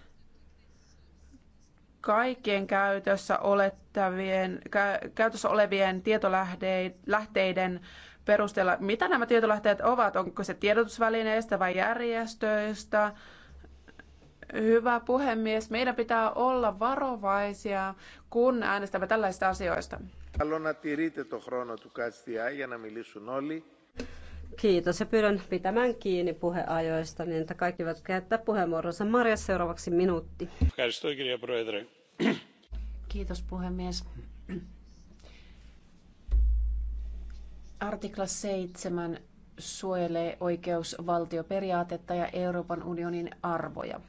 Kaikkien käytössä, olettavien, käytössä olevien tietolähteiden perusteella, mitä nämä tietolähteet ovat, onko se tiedotusvälineistä vai järjestöistä, Hyvä puhemies. Meidän pitää olla varovaisia, kun äänestämme tällaisista asioista. Haluan ja oli. Kiitos ja pyydän pitämään kiinni puheajoista, niin että kaikki voivat käyttää puheenvuoronsa. Marja, seuraavaksi minuutti. Kiitos puhemies. Artikla 7 suojelee oikeusvaltioperiaatetta ja Euroopan unionin arvoja.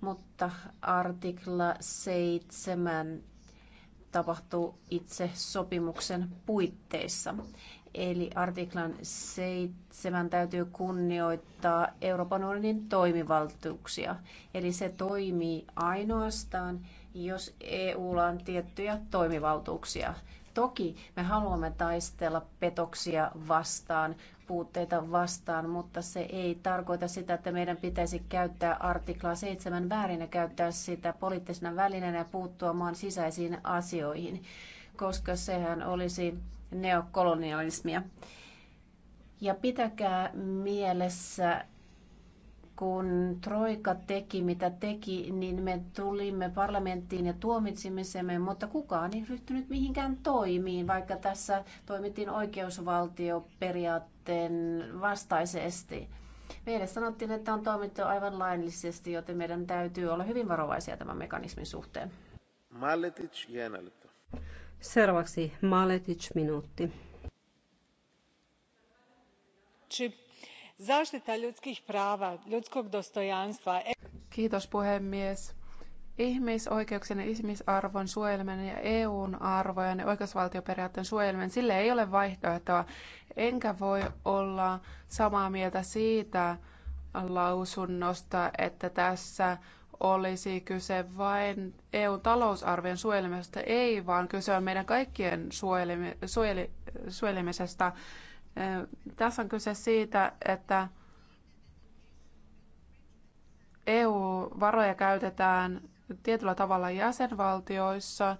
Mutta artikla 7 tapahtuu itse sopimuksen puitteissa. Eli artiklan 7 täytyy kunnioittaa Euroopan unionin toimivaltuuksia. Eli se toimii ainoastaan, jos EUlla on tiettyjä toimivaltuuksia. Toki me haluamme taistella petoksia vastaan, puutteita vastaan, mutta se ei tarkoita sitä, että meidän pitäisi käyttää artiklaa 7 väärin ja käyttää sitä poliittisena välineenä ja puuttua maan sisäisiin asioihin, koska sehän olisi neokolonialismia. Ja pitäkää mielessä, kun Troika teki mitä teki, niin me tulimme parlamenttiin ja tuomitsimme sen, mutta kukaan ei ryhtynyt mihinkään toimiin, vaikka tässä toimittiin oikeusvaltioperiaatteen vastaisesti. Meille sanottiin, että on toimittu aivan laillisesti, joten meidän täytyy olla hyvin varovaisia tämän mekanismin suhteen. Maletic, Seuraavaksi Maletic minuutti. E- Kiitos puhemies. Ihmisoikeuksien ja ihmisarvon suojelminen ja EUn arvojen ja oikeusvaltioperiaatteen suojelminen, sille ei ole vaihtoehtoa. Enkä voi olla samaa mieltä siitä lausunnosta, että tässä olisi kyse vain EUn talousarvion suojelemisesta, ei vaan kyse on meidän kaikkien suojelemisesta. Tässä on kyse siitä, että EU-varoja käytetään tietyllä tavalla jäsenvaltioissa.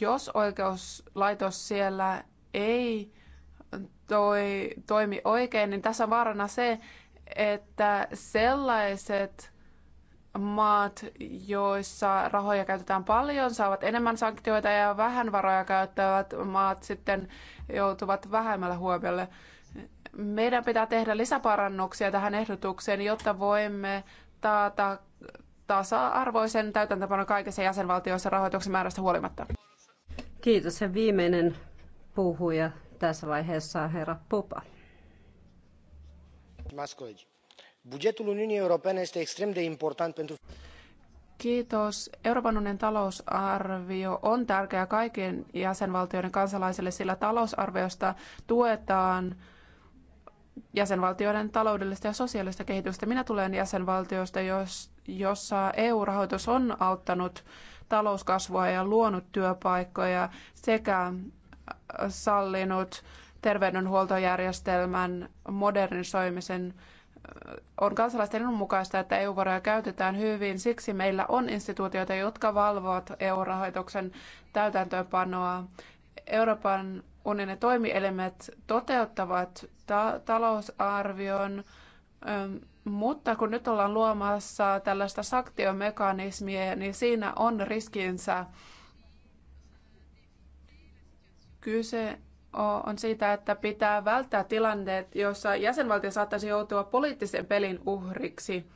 Jos oikeuslaitos siellä ei toi, toimi oikein, niin tässä on vaarana se, että sellaiset maat, joissa rahoja käytetään paljon, saavat enemmän sanktioita ja vähän varoja käyttävät maat sitten joutuvat vähemmällä huomiolle. Meidän pitää tehdä lisäparannuksia tähän ehdotukseen, jotta voimme taata tasa-arvoisen täytäntöpanon kaikissa jäsenvaltioissa rahoituksen määrästä huolimatta. Kiitos. Ja viimeinen puhuja tässä vaiheessa herra Popa. Maskovich Bugetul Uniunii Europene este extrem de important pentru... Kiitos. Euroopan unionin talousarvio on tärkeä kaikkien jäsenvaltioiden kansalaisille, sillä talousarviosta tuetaan jäsenvaltioiden taloudellista ja sosiaalista kehitystä. Minä tulen jäsenvaltiosta, jossa EU-rahoitus on auttanut talouskasvua ja luonut työpaikkoja sekä sallinut terveydenhuoltojärjestelmän modernisoimisen on kansalaisten edun mukaista, että EU-varoja käytetään hyvin. Siksi meillä on instituutioita, jotka valvovat EU-rahoituksen täytäntöönpanoa. Euroopan unionin toimielimet toteuttavat ta- talousarvion, ähm, mutta kun nyt ollaan luomassa tällaista sanktiomekanismia, niin siinä on riskinsä. Kyse on siitä, että pitää välttää tilanteet, joissa jäsenvaltio saattaisi joutua poliittisen pelin uhriksi.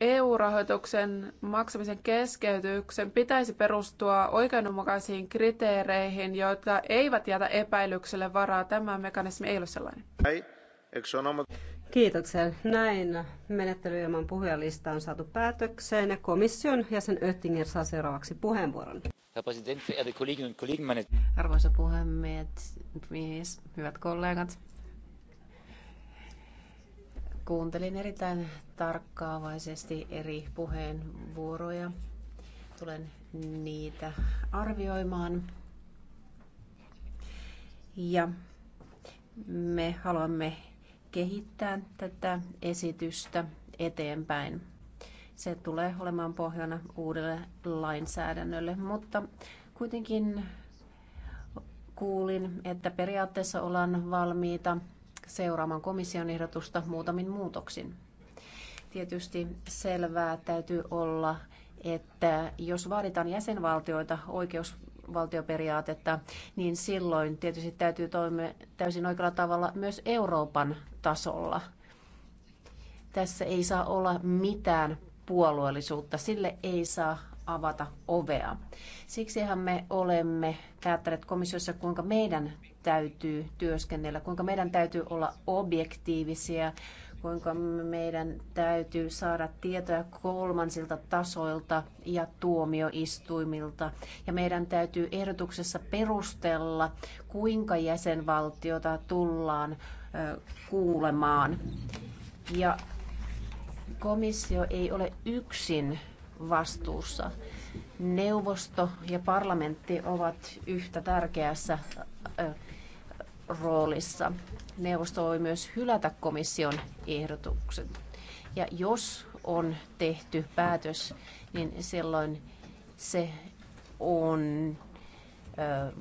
EU-rahoituksen maksamisen keskeytyksen pitäisi perustua oikeudenmukaisiin kriteereihin, joita eivät jätä epäilykselle varaa. Tämä mekanismi ei ole sellainen. Kiitoksia. Näin menettely ilman puhujalista on saatu päätökseen komission jäsen Oettinger saa seuraavaksi puheenvuoron. Arvoisa puhemies, hyvät kollegat. Kuuntelin erittäin tarkkaavaisesti eri puheenvuoroja. Tulen niitä arvioimaan. Ja me haluamme kehittää tätä esitystä eteenpäin. Se tulee olemaan pohjana uudelle lainsäädännölle, mutta kuitenkin kuulin, että periaatteessa ollaan valmiita seuraamaan komission ehdotusta muutamin muutoksin. Tietysti selvää täytyy olla, että jos vaaditaan jäsenvaltioita oikeus oikeusvaltioperiaatetta, niin silloin tietysti täytyy toimia täysin oikealla tavalla myös Euroopan tasolla. Tässä ei saa olla mitään puolueellisuutta, sille ei saa avata ovea. Siksihän me olemme päättäneet komissiossa, kuinka meidän täytyy työskennellä, kuinka meidän täytyy olla objektiivisia, kuinka meidän täytyy saada tietoja kolmansilta tasoilta ja tuomioistuimilta. Ja meidän täytyy ehdotuksessa perustella, kuinka jäsenvaltiota tullaan kuulemaan. Ja komissio ei ole yksin vastuussa. Neuvosto ja parlamentti ovat yhtä tärkeässä roolissa. Neuvosto voi myös hylätä komission ehdotuksen. Ja jos on tehty päätös, niin silloin se on ö,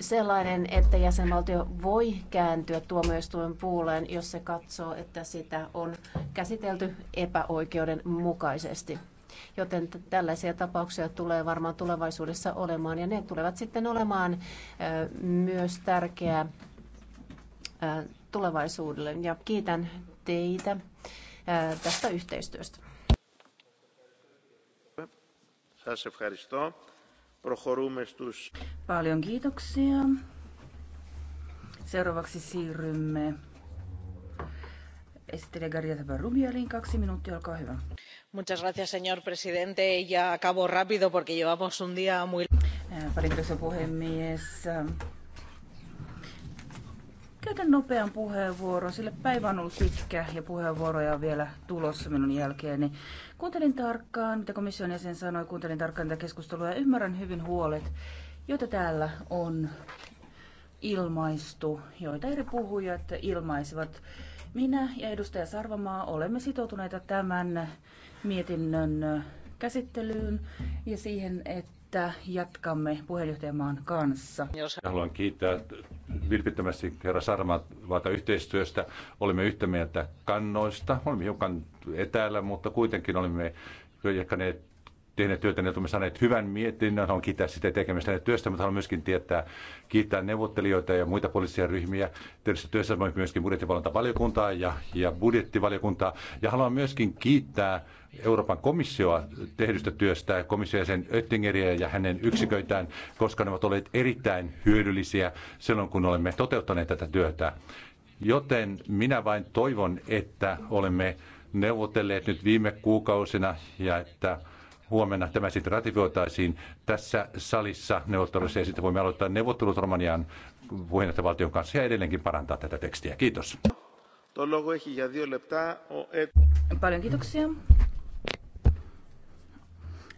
sellainen, että jäsenvaltio voi kääntyä tuomioistuimen puoleen, jos se katsoo, että sitä on käsitelty epäoikeudenmukaisesti joten tällaisia tapauksia tulee varmaan tulevaisuudessa olemaan ja ne tulevat sitten olemaan myös tärkeä tulevaisuudelle. Ja kiitän teitä tästä yhteistyöstä. Paljon kiitoksia. Seuraavaksi siirrymme esittelijä Garjata Rubialin kaksi minuuttia, olkaa hyvä señor presidente ya acabo rápido porque llevamos un día muy... Arvoisa eh, puhemies. Eh, käytän nopean puheenvuoron, sillä päivä on ollut pitkä ja puheenvuoroja on vielä tulossa minun jälkeeni. Kuuntelin tarkkaan, mitä komission jäsen sanoi, kuuntelin tarkkaan tätä keskustelua ja ymmärrän hyvin huolet, joita täällä on ilmaistu, joita eri puhujat ilmaisivat. Minä ja edustaja Sarvamaa olemme sitoutuneita tämän mietinnön käsittelyyn ja siihen, että jatkamme puheenjohtajamaan kanssa. Haluan kiittää vilpittömästi herra Sarmaa yhteistyöstä. Olimme yhtä mieltä kannoista, olimme hiukan etäällä, mutta kuitenkin olimme jakaneet tehneet työtä, niin olemme saaneet hyvän mietinnön. Haluan kiittää sitä tekemistä työstä, mutta haluan myöskin tietää, kiittää neuvottelijoita ja muita poliittisia ryhmiä. Tietysti työssä myöskin budjettivalvontavaliokuntaa ja, ja budjettivaliokuntaa. Ja haluan myöskin kiittää Euroopan komissioa tehdystä työstä, komission sen Oettingeriä ja hänen yksiköitään, koska ne ovat olleet erittäin hyödyllisiä silloin, kun olemme toteuttaneet tätä työtä. Joten minä vain toivon, että olemme neuvotelleet nyt viime kuukausina ja että huomenna tämä sitten ratifioitaisiin tässä salissa neuvottelussa ja sitten voimme aloittaa neuvottelut Romanian puheenjohtajavaltion kanssa ja edelleenkin parantaa tätä tekstiä. Kiitos. Paljon kiitoksia.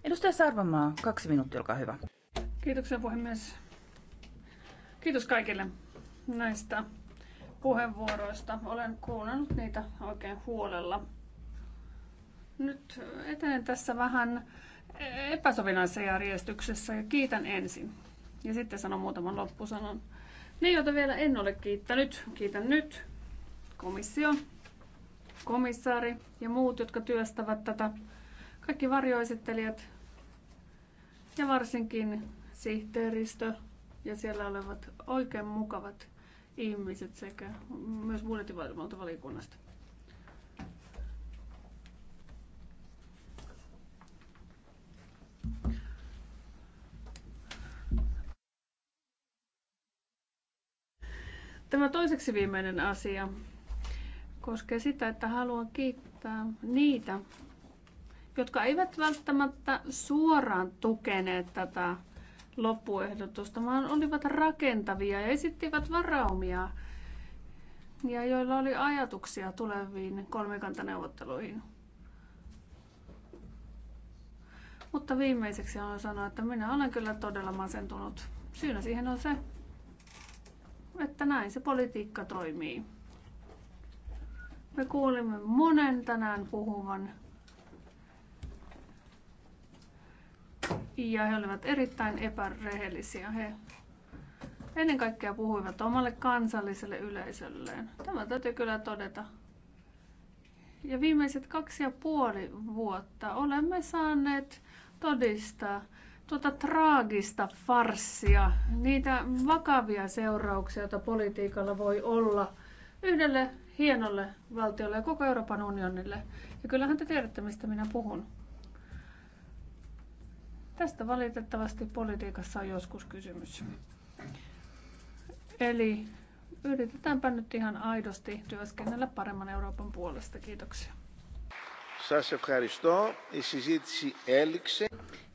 Edustaja Sarvamaa, kaksi minuuttia, olkaa hyvä. Kiitoksia puhemies. Kiitos kaikille näistä puheenvuoroista. Olen kuunnellut niitä oikein huolella. Nyt etenen tässä vähän epäsovinnaisessa järjestyksessä ja kiitän ensin. Ja sitten sanon muutaman loppusanon. Ne, joita vielä en ole kiittänyt, kiitän nyt. Komissio, komissaari ja muut, jotka työstävät tätä. Kaikki varjoesittelijät ja varsinkin sihteeristö ja siellä olevat oikein mukavat ihmiset sekä myös budjettivalvontavaliokunnasta. Tämä toiseksi viimeinen asia koskee sitä, että haluan kiittää niitä, jotka eivät välttämättä suoraan tukeneet tätä loppuehdotusta, vaan olivat rakentavia ja esittivät varaumia ja joilla oli ajatuksia tuleviin kolmikantaneuvotteluihin. Mutta viimeiseksi haluan sanoa, että minä olen kyllä todella masentunut. Syynä siihen on se, että näin se politiikka toimii. Me kuulimme monen tänään puhuvan. Ja he olivat erittäin epärehellisiä. He ennen kaikkea puhuivat omalle kansalliselle yleisölleen. Tämä täytyy kyllä todeta. Ja viimeiset kaksi ja puoli vuotta olemme saaneet todistaa tuota traagista farssia, niitä vakavia seurauksia, joita politiikalla voi olla yhdelle hienolle valtiolle ja koko Euroopan unionille. Ja kyllähän te tiedätte, mistä minä puhun. Tästä valitettavasti politiikassa on joskus kysymys. Eli yritetäänpä nyt ihan aidosti työskennellä paremman Euroopan puolesta. Kiitoksia. Σας ευχαριστώ. Η συζήτηση έληξε.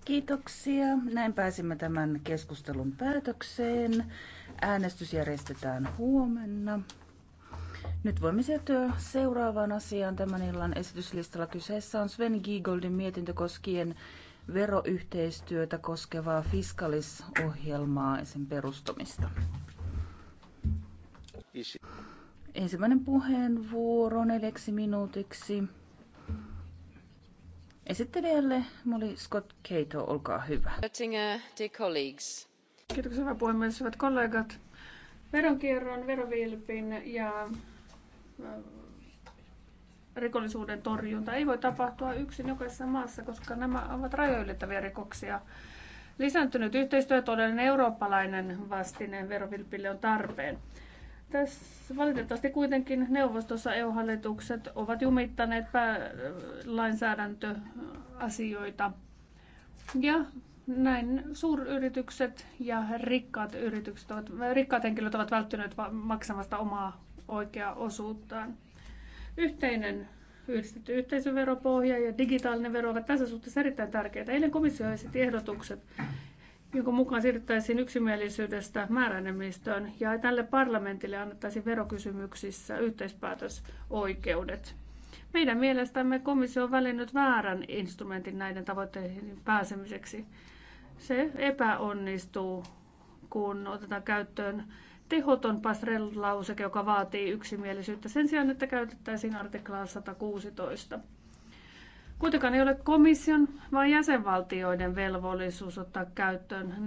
Kiitoksia. Näin pääsimme tämän keskustelun päätökseen. Äänestys järjestetään huomenna. Nyt voimme siirtyä seuraavaan asiaan tämän illan esityslistalla. Kyseessä on Sven Giegoldin mietintö koskien veroyhteistyötä koskevaa fiskalisohjelmaa ja sen perustamista. Ensimmäinen puheenvuoro neljäksi minuutiksi. Esittelijälle Molly Scott Cato, olkaa hyvä. Kiitoksia, hyvä puhemies, hyvät kollegat. Veronkierron, verovilpin ja äh, rikollisuuden torjunta ei voi tapahtua yksin jokaisessa maassa, koska nämä ovat rajoilettavia rikoksia. Lisääntynyt yhteistyö todellinen eurooppalainen vastineen verovilpille on tarpeen. Tässä valitettavasti kuitenkin neuvostossa EU-hallitukset ovat jumittaneet lainsäädäntöasioita. Ja näin suuryritykset ja rikkaat, yritykset ovat, rikkaat henkilöt ovat välttyneet maksamasta omaa oikeaa osuuttaan. Yhteinen yhdistetty yhteisöveropohja ja digitaalinen vero ovat tässä suhteessa erittäin tärkeitä. Eilen komissio esitti ehdotukset, jonka mukaan siirryttäisiin yksimielisyydestä määräenemmistöön ja tälle parlamentille annettaisiin verokysymyksissä yhteispäätösoikeudet. Meidän mielestämme komissio on valinnut väärän instrumentin näiden tavoitteiden pääsemiseksi. Se epäonnistuu, kun otetaan käyttöön tehoton passerelle-lauseke, joka vaatii yksimielisyyttä sen sijaan, että käytettäisiin artiklaa 116. Kuitenkaan ei ole komission, vaan jäsenvaltioiden velvollisuus ottaa käyttöön näitä